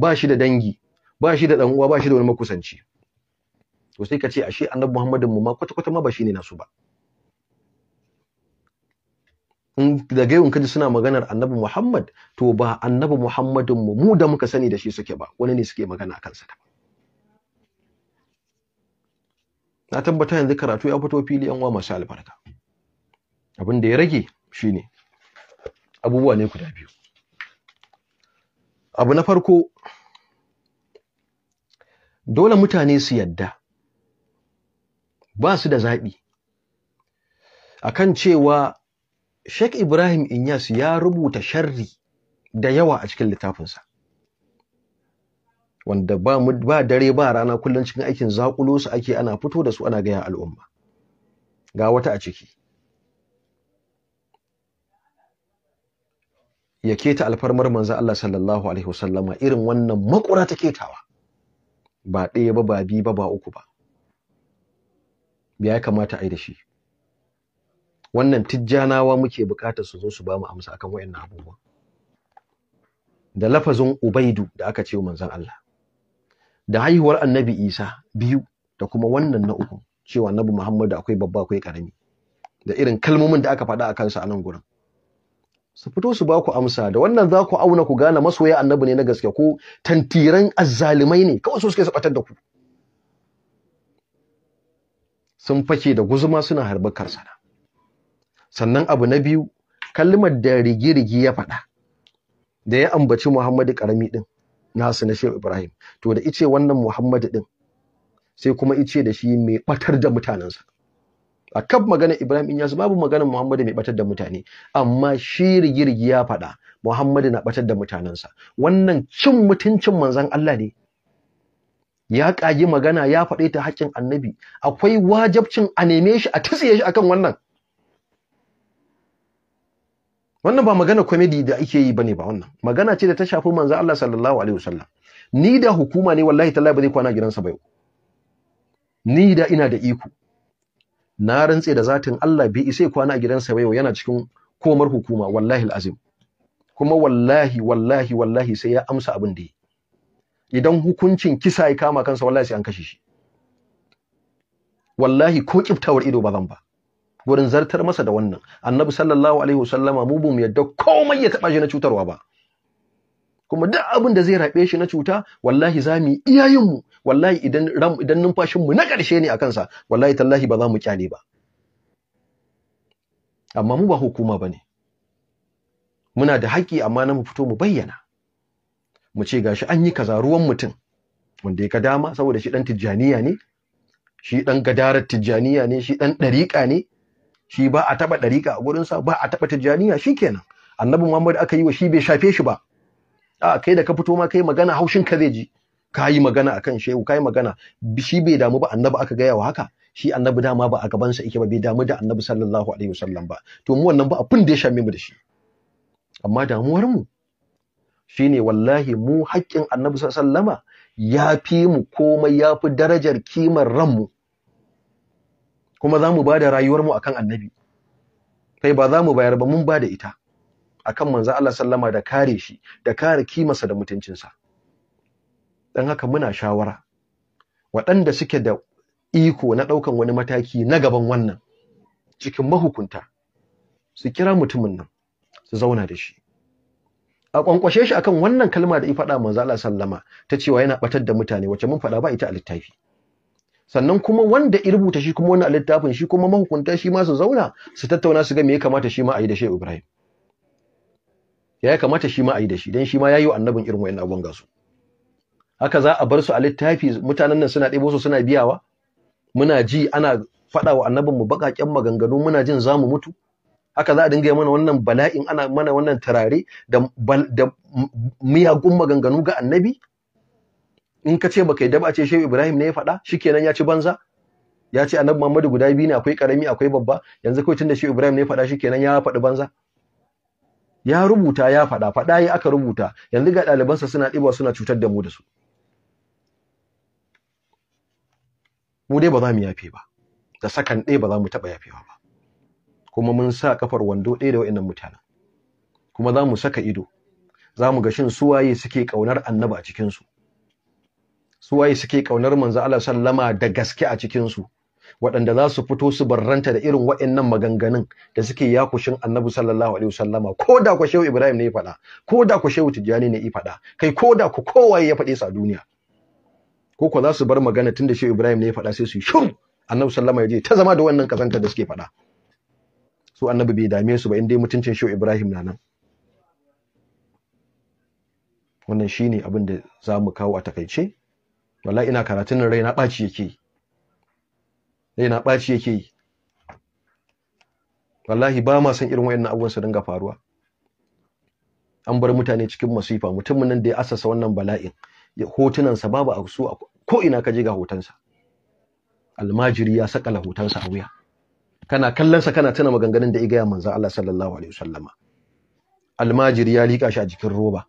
ba shi da dangi ba shi da dan ba shi da wani makusanci to sai ka ce ashe annabi Muhammadin mu ma kwata kwata ma ba ne nasu ba in da yau kaji suna maganar annabi Muhammad to ba annabi Muhammadin mu mu da muka sani da shi suke ba wani ne suke magana kansa sa na tabbata yanzu karatu ya fito fili yan uwa masu albarka abin da ya rage shine abubuwa ne guda biyu abu na farko dole mutane su yadda ba su da zaɓi akan cewa Sheikh Ibrahim Inyas ya rubuta sharri da yawa a cikin littafinsa wanda ba ba dare ba rana kullum cikin aikin zakulo su ake ana fito da su ana gaya al'umma ga wata a ciki ya keta alfarmar manzo Allah sallallahu alaihi wasallama irin wannan makura ta ketawa ba ɗaya ba ba biyu ba ba uku ba ya kamata a yi da shi wannan tijjanawa muke bukatar su zo su ba mu amsa akan wayannan abubuwa da lafazin ubaidu da aka ce manzon Allah da haihuwar annabi Isa biyu da kuma wannan na uku cewa annabi Muhammadu akwai babba akwai karami da irin kalmomin da aka faɗa a kansa a nan gurin su fito su ba ku amsa da wannan za ku auna ku gane masoya annabi ne na gaske ko tantiran azzalumai ne kawai su suke sabatar da ku sun fake da guzuma suna harbi karsana sannan abu na biyu kalmar da rigirigi ya faɗa da ya ambaci Muhammadu karami din nasu na Shehu Ibrahim to da ice wannan Muhammadu din sai kuma ice da shi mai batar da mutanensa A kan maganar Ibrahim yasu babu maganar Muhammadu mai batar da mutane amma shi rigirgi ya faɗa Muhammadu na batar da mutanensa wannan cin mutuncin manzon Allah ne ya kagi magana ya faɗe ta haƙƙin annabi akwai wajabcin a neme shi a tsiye shi akan wannan wannan ba magana komedi da ake yi bane ba wannan magana ce da ta shafi manzon Allah sallallahu alaihi wasallam ni da hukuma ne wallahi tallahi ba zai kwana gidansa ba yau ni da ina da iko na rantse da zatin Allah bi ya kwana a gidansa yau yana cikin komar hukuma wallahi alazim kuma wallahi wallahi wallahi sai ya amsa abin da yi idan hukuncin kisa ya kama kansa wallahi sai an kashe shi wallahi ko kiftawar ido ba zan ba gurin zartar masa da wannan annabi sallallahu alaihi wasallama mu bu mu yadda komai ya taba shi na cutarwa ba kuma duk abin da zai raɓe shi na cuta wallahi za mu iya yin mu wallahi idan ram idan numfashin mu na ƙarshe ne akan sa wallahi tallahi ba za mu kyale ba amma mu ba hukuma bane muna da haƙƙi amma na mu fito mu bayyana mu ce gashi an yi kaza ruwan mutum wanda ya ka dama saboda shi dan tijjaniya ne shi dan gadarar tijjaniya ne shi dan ɗariƙa ne shi ba a taba ɗariƙa a sa? ba a taɓa tijjaniya shi kenan annabi muhammad aka yi wa shi bai shafe shi ba a kai da ka fito ma kai magana haushin ka zai ji ka yi magana akan shehu ka yi magana shi bai damu ba annabi aka gaya wa haka shi annabi dama ba a gabansa yake ba bai damu da annabi sallallahu alaihi wasallam ba to mu wannan ba abin da ya shame mu da shi amma damuwar mu shine wallahi mu haƙƙin annabi wasallama ya fi mu komai ya fi darajar kimar ran mu. kuma za mu ba da rayuwarmu akan annabi kai ba za mu bayar ba mun ba da ita akan manzo Allah sallama da kare shi da kare kimarsa da mutuncinsa dan haka muna shawara waɗanda suke da iko na ɗaukan wani mataki na gaban wannan cikin mahukunta su kira mutumin nan su zauna da shi a kwankwashe shi akan wannan kalma da faɗa manzo Allah sallama ta cewa yana batar da mutane wacce mun faɗa ba ita a littafi sannan kuma wanda ya rubuta shi kuma wannan littafin shi kuma mahukunta shi ma su zauna su tattauna su ga me ya kamata shi ma a yi da Shehu Ibrahim ya kamata shi ma a yi da shi don shi ma ya yi wa annabin irin wayan abubuwan gasu haka za a bar su a littafi mutanen nan suna ɗebo su suna biyawa muna ji ana faɗa wa annabin mu baƙaƙen maganganu muna jin za mu mutu haka za a dinga mana wannan bala'in ana mana wannan turare da, da miyagun maganganu ga annabi in ka ce baka yi daba ce shehu ibrahim ne ya faɗa shikenan ya ci banza ya ce annabi muhammadu guda biyu ne akwai karami akwai babba yanzu kawai tunda shehu ibrahim ne ya faɗa shikenan ya faɗi banza ya rubuta ya faɗa faɗa yi aka rubuta yanzu ga ɗalibansa suna ɗiba suna cutar da mu da su mu dai ba za mu yafe ba da sakan ɗaya ba za mu taɓa yafewa ba kuma mun sa kafar wando ɗaya da wa'annan mutanen kuma za mu saka ido za mu ga shin suwaye suke ƙaunar annaba a cikinsu suwaye suke ƙaunar manzo Allah sallama da gaske a cikinsu waɗanda za su fito su barranta da irin wa'annan maganganun da suke yakushin annabi sallallahu alaihi wasallama ko da ku shehu ibrahim ne ya faɗa ko da ku shehu tijjani ne ya faɗa kai ko da ku kowaye ya faɗe su a duniya ko ko za su bar magana tun da shehu ibrahim ne ya faɗa sai su yi shur annabi sallama ya je ta zama da wannan kazanta da suke faɗa su annabi bai dame su ba in dai mutuncin shehu ibrahim na nan wannan shine abin da za mu kawo a takaice wallahi ina karatun raina ɓaci yake yi Yana ɓaci yake yi wallahi ba ma san irin wayannan abubuwan su dinga faruwa an bar mutane cikin masifa mutumin nan da ya asasa wannan bala'in hotunansa babu a su ko ina ka je ga hotonsa almajiri ya sakala hotonsa a wuya kana kallonsa kana tuna maganganun da ya gaya manzo Allah sallallahu alaihi wasallama almajiri ya liƙa shi a jikin roba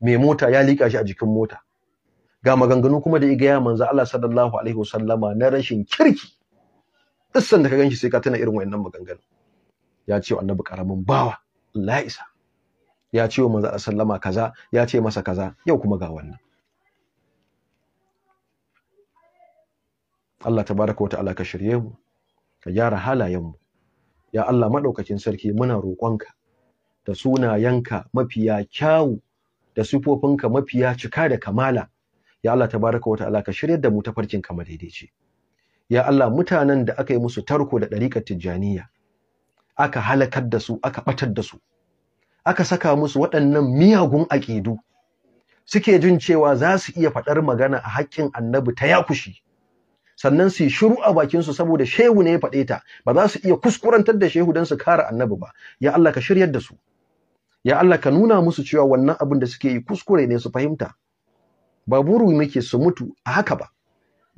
mai mota ya liƙa shi a jikin mota ga maganganu kuma da ya gaya manzo Allah sallallahu alaihi wasallama na rashin kirki duk sanda ka ganshi sai ka tana irin wayannan maganganu ya ce wa annabi karamin bawa Allah ya isa ya ce wa manzo sallama kaza ya ce masa kaza yau kuma ga wannan Allah tabaraka wa ta'ala ka shirye mu ka gyara halayen mu ya Allah madaukakin sarki muna roƙonka da sunayenka mafiya kyawu da sifofinka mafiya cika da kamala ya Allah tabaraka wa ta'ala ka shiryar da mu ta farkin daidai ce ya Allah mutanen da aka yi musu tarko da ɗariƙar tijjaniya aka halakar da su aka ɓatar da su aka saka musu waɗannan miyagun aƙidu suke jin cewa za su iya faɗar magana a haƙƙin annabi ta yakushi sannan su yi shiru a bakinsu saboda shehu ne ya faɗe ta ba za su iya kuskurantar da shehu don su kare annabi ba ya Allah ka shiryar da su ya Allah ka nuna musu cewa wannan abin da suke yi kuskure ne su fahimta ba buru muke su mutu a haka ba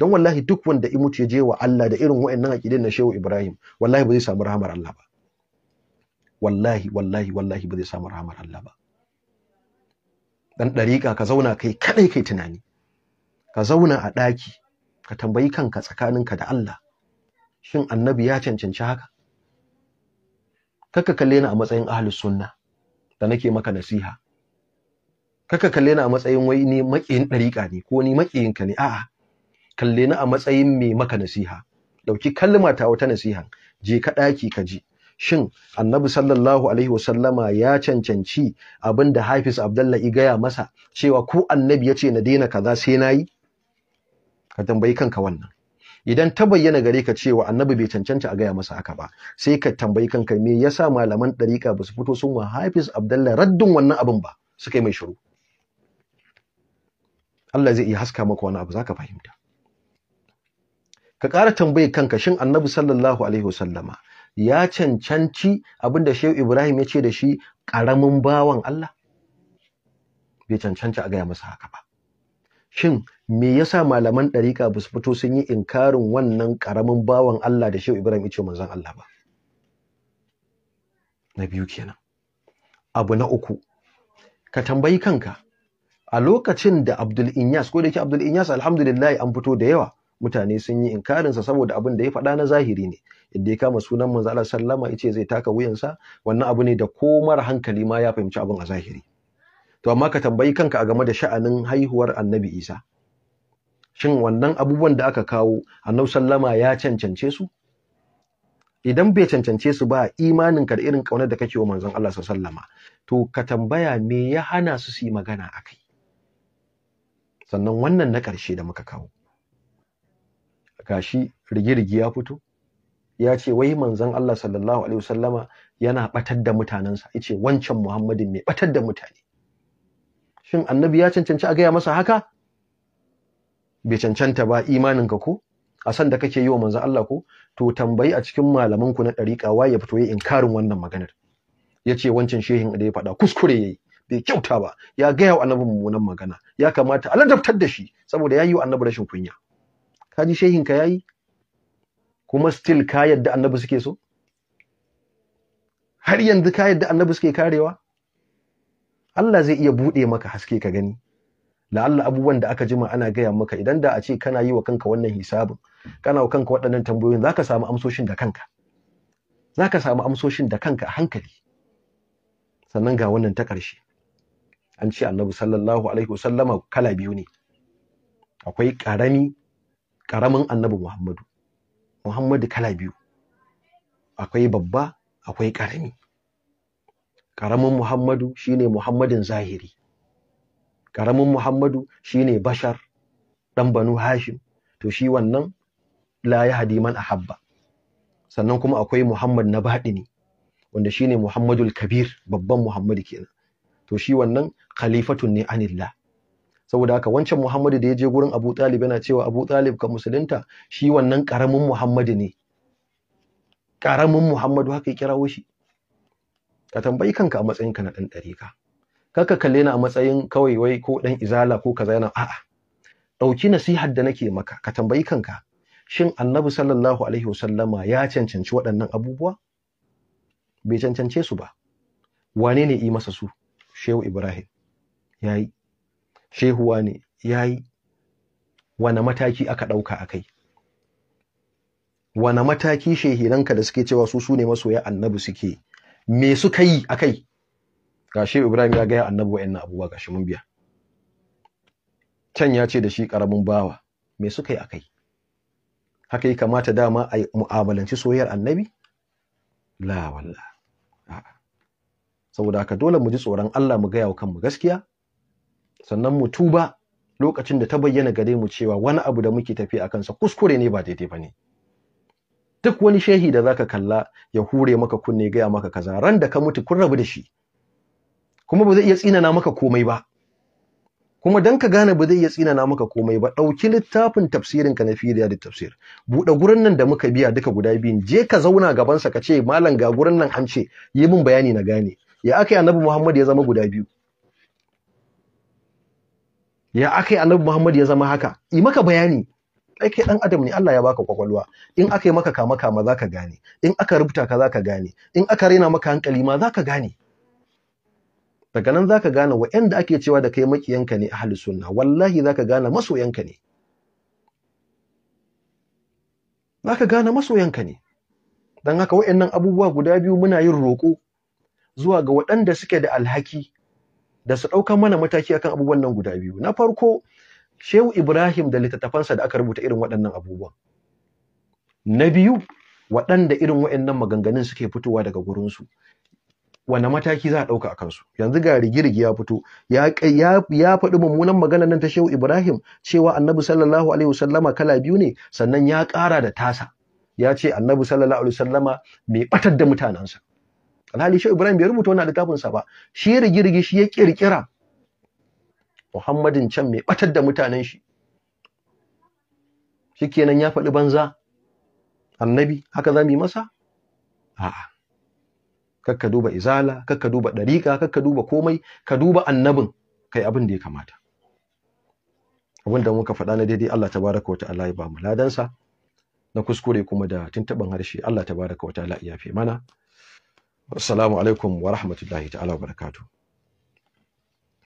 don wallahi duk wanda in mutu ya je wa Allah da irin wa'annan aqidin na Shehu Ibrahim wallahi ba zai samu rahamar Allah ba wallahi wallahi wallahi ba zai samu rahamar Allah ba dan dariƙa ka zauna kai kaɗai kai tunani ka zauna a ɗaki ka tambayi kanka tsakaninka da Allah shin annabi ya cancanci haka kaka kalle ni a matsayin ahlus sunna da nake maka nasiha kaka kalle ni a matsayin wai ni maƙiyin ɗariƙa ne ko ni maƙiyin ne a'a kalle ni a matsayin mai maka nasiha dauki kalma ta wata nasiha je ka daki ka ji shin annabi sallallahu alaihi wasallama ya cancanci abinda hafiz abdullahi gaya masa cewa ko annabi ya ce na daina kaza sai na yi ka tambayi kanka wannan idan ta bayyana gare ka cewa annabi bai cancanta a gaya masa haka ba sai ka tambayi kanka me yasa malaman dariqa ba su fito sun wa hafiz abdullahi raddin wannan abin ba suka yi mai shiru Allah zai iya haska maka wani abu zaka fahimta ka ƙara tambayi kanka shin annabi sallallahu alaihi wasallama ya cancanci abinda shehu ibrahim ya ce da shi ƙaramin bawan allah bai cancanci a gaya masa haka ba shin me yasa malaman ɗariƙa ba su fito sun yi inkarin wannan ƙaramin bawan allah da shehu ibrahim ya ce manzon allah ba na biyu kenan abu na uku ka tambayi kanka a lokacin da abdul inyas ko da yake abdul inyas alhamdulillah an fito da yawa mutane sun yi inkarinsa saboda abin da ya faɗa na zahiri ne idan ya kama sunan manzo Allah sallama yace zai taka wuyansa wannan abu ne da ko mara hankali ma ya fahimci abin a zahiri to amma ka tambayi kanka a game da sha'anin haihuwar Annabi Isa shin wannan abubuwan da aka kawo Annabi sallama ya cancance su idan bai cancance su ba imanin ka da irin kaunar da kake wa manzon Allah sallama to ka tambaya me ya hana su su yi magana akai sannan wannan na ƙarshe da muka kawo gashi rigirgi ya fito ya ce wai manzon Allah sallallahu alaihi wasallama yana batar da mutanensa yace wancan Muhammadin ne, batar da mutane shin annabi ya cancanci a gaya masa haka bai cancanta ba imaninka ko a san da kake yi wa manzon Allah ko to tambayi a cikin malaman ku na dariqa wa ya fito ya inkarin wannan maganar yace wancan shehin da ya faɗa kuskure yayi bai kyauta ba ya gaya wa annabi mummunan magana ya kamata a ladabtar da shi saboda ya yi wa annabi rashin kunya ka ji shehin ka yayi kuma still ka yadda annabi suke so har yanzu ka yadda annabi suke karewa Allah zai iya buɗe maka haske ka gani la'alla abubuwan da aka jima ana gaya maka idan da a ce kana yi wa kanka wannan hisabin kana wa kanka waɗannan tambayoyin zaka samu amsoshin da kanka zaka samu amsoshin da kanka a hankali sannan ga wannan ta ƙarshe an ce annabi sallallahu alaihi wasallama kala biyu ne akwai ƙarami karamin annabi Muhammadu Muhammadu kala biyu akwai babba akwai ƙarami ƙaramin Muhammadu shine Muhammadin zahiri ƙaramin Muhammadu shine Bashar ɗan Banu Hashim to shi wannan la hadi man habba. sannan kuma akwai Muhammad na baɗini wanda shine Muhammadul Kabir babban Muhammadu kenan to shi wannan khalifatun ne anillah saboda haka wancan Muhammadu da ya je gurin Abu Talib yana cewa Abu Talib ka musulunta shi wannan karamin Muhammadu ne karamin Muhammadu haka ya kirawo shi ka tambayi kanka a matsayin ka na dan dariƙa kaka kalle ni a matsayin kawai wai ko dan izala ko kaza yana a'a dauki nasihar da nake maka ka tambayi kanka shin annabi sallallahu alaihi wasallama ya cancanci waɗannan abubuwa bai cancance su ba wane ne yi masa su shehu ibrahim yayi shehuwa ne ya yi wane mataki aka ɗauka a kai wane mataki shehiranka da suke cewa su su ne masoya annabi suke me suka yi a kai ga shehu ibrahim ya gaya annabi wa'yan abubuwa ga shi mun biya can ya ce da shi ƙaramin bawa me suka yi a kai haka yi kamata dama a mu'amalanci soyayyar annabi la wallah saboda haka dole mu ji tsoron Allah mu gaya wa kanmu gaskiya sannan mu tuba lokacin da ta bayyana gare mu cewa wani abu da muke tafi a kansa kuskure ne ba daidai ba ne duk wani shehi da zaka kalla ya hure maka kunne gaya maka kaza ran da ka mutu kun rabu da shi kuma ba zai iya tsinana maka komai ba kuma dan ka gane ba zai iya tsinana maka komai ba ɗauki littafin tafsirin ka na ya da tafsir buɗe gurin nan da muka biya duka guda biyun je ka zauna gabansa ka ce malam ga gurin nan an ce yi min bayani na gane ya aka yi annabi muhammad ya zama guda biyu ya akai annabi Muhammad ya zama haka yi maka bayani Kai kai dan adam ne Allah ya baka kwakwalwa in aka yi maka kama kama zaka gane in aka rubuta ka zaka gane in aka rena maka hankali ma zaka gane daga nan zaka gane wa wa'anda ake cewa da kai makiyanka ne ahli sunna wallahi zaka gane masoyanka ne zaka gane masoyanka ne dan haka wa'annan abubuwa guda biyu muna yin roko zuwa ga waɗanda suke da alhaki da su ɗaukan mana mataki akan abubuwan nan guda biyu na farko shehu ibrahim da littattafansa da aka rubuta irin waɗannan abubuwan na biyu waɗanda irin waɗannan maganganun suke fitowa daga gurinsu wane mataki za a ɗauka a kansu yanzu ga rigirgi ya fito ya faɗi mummunan magana nan ta shehu ibrahim cewa annabi sallallahu alaihi wasallama kala biyu ne sannan ya ƙara da tasa ya ce annabi sallallahu alaihi wasallama mai ɓatar da mutanensa alhali shi ibrahim bai rubuta wannan littafin sa ba shi rigirgi shi ya kirkira muhammadin can mai batar da mutanen shi shikenan ya faɗi banza annabi haka za mu yi masa a'a kakka duba izala kakka duba Ɗarika, kakka duba komai ka duba annabin kai abin da ya kamata abin da muka faɗa na daidai Allah tabaraka wata'ala ya ba mu ladansa na kuskure kuma da tuntuɓin harshe Allah tabaraka wata'ala ya fi mana Assalamu alaikum wa rahmatullahi ta'ala wa barakatuh.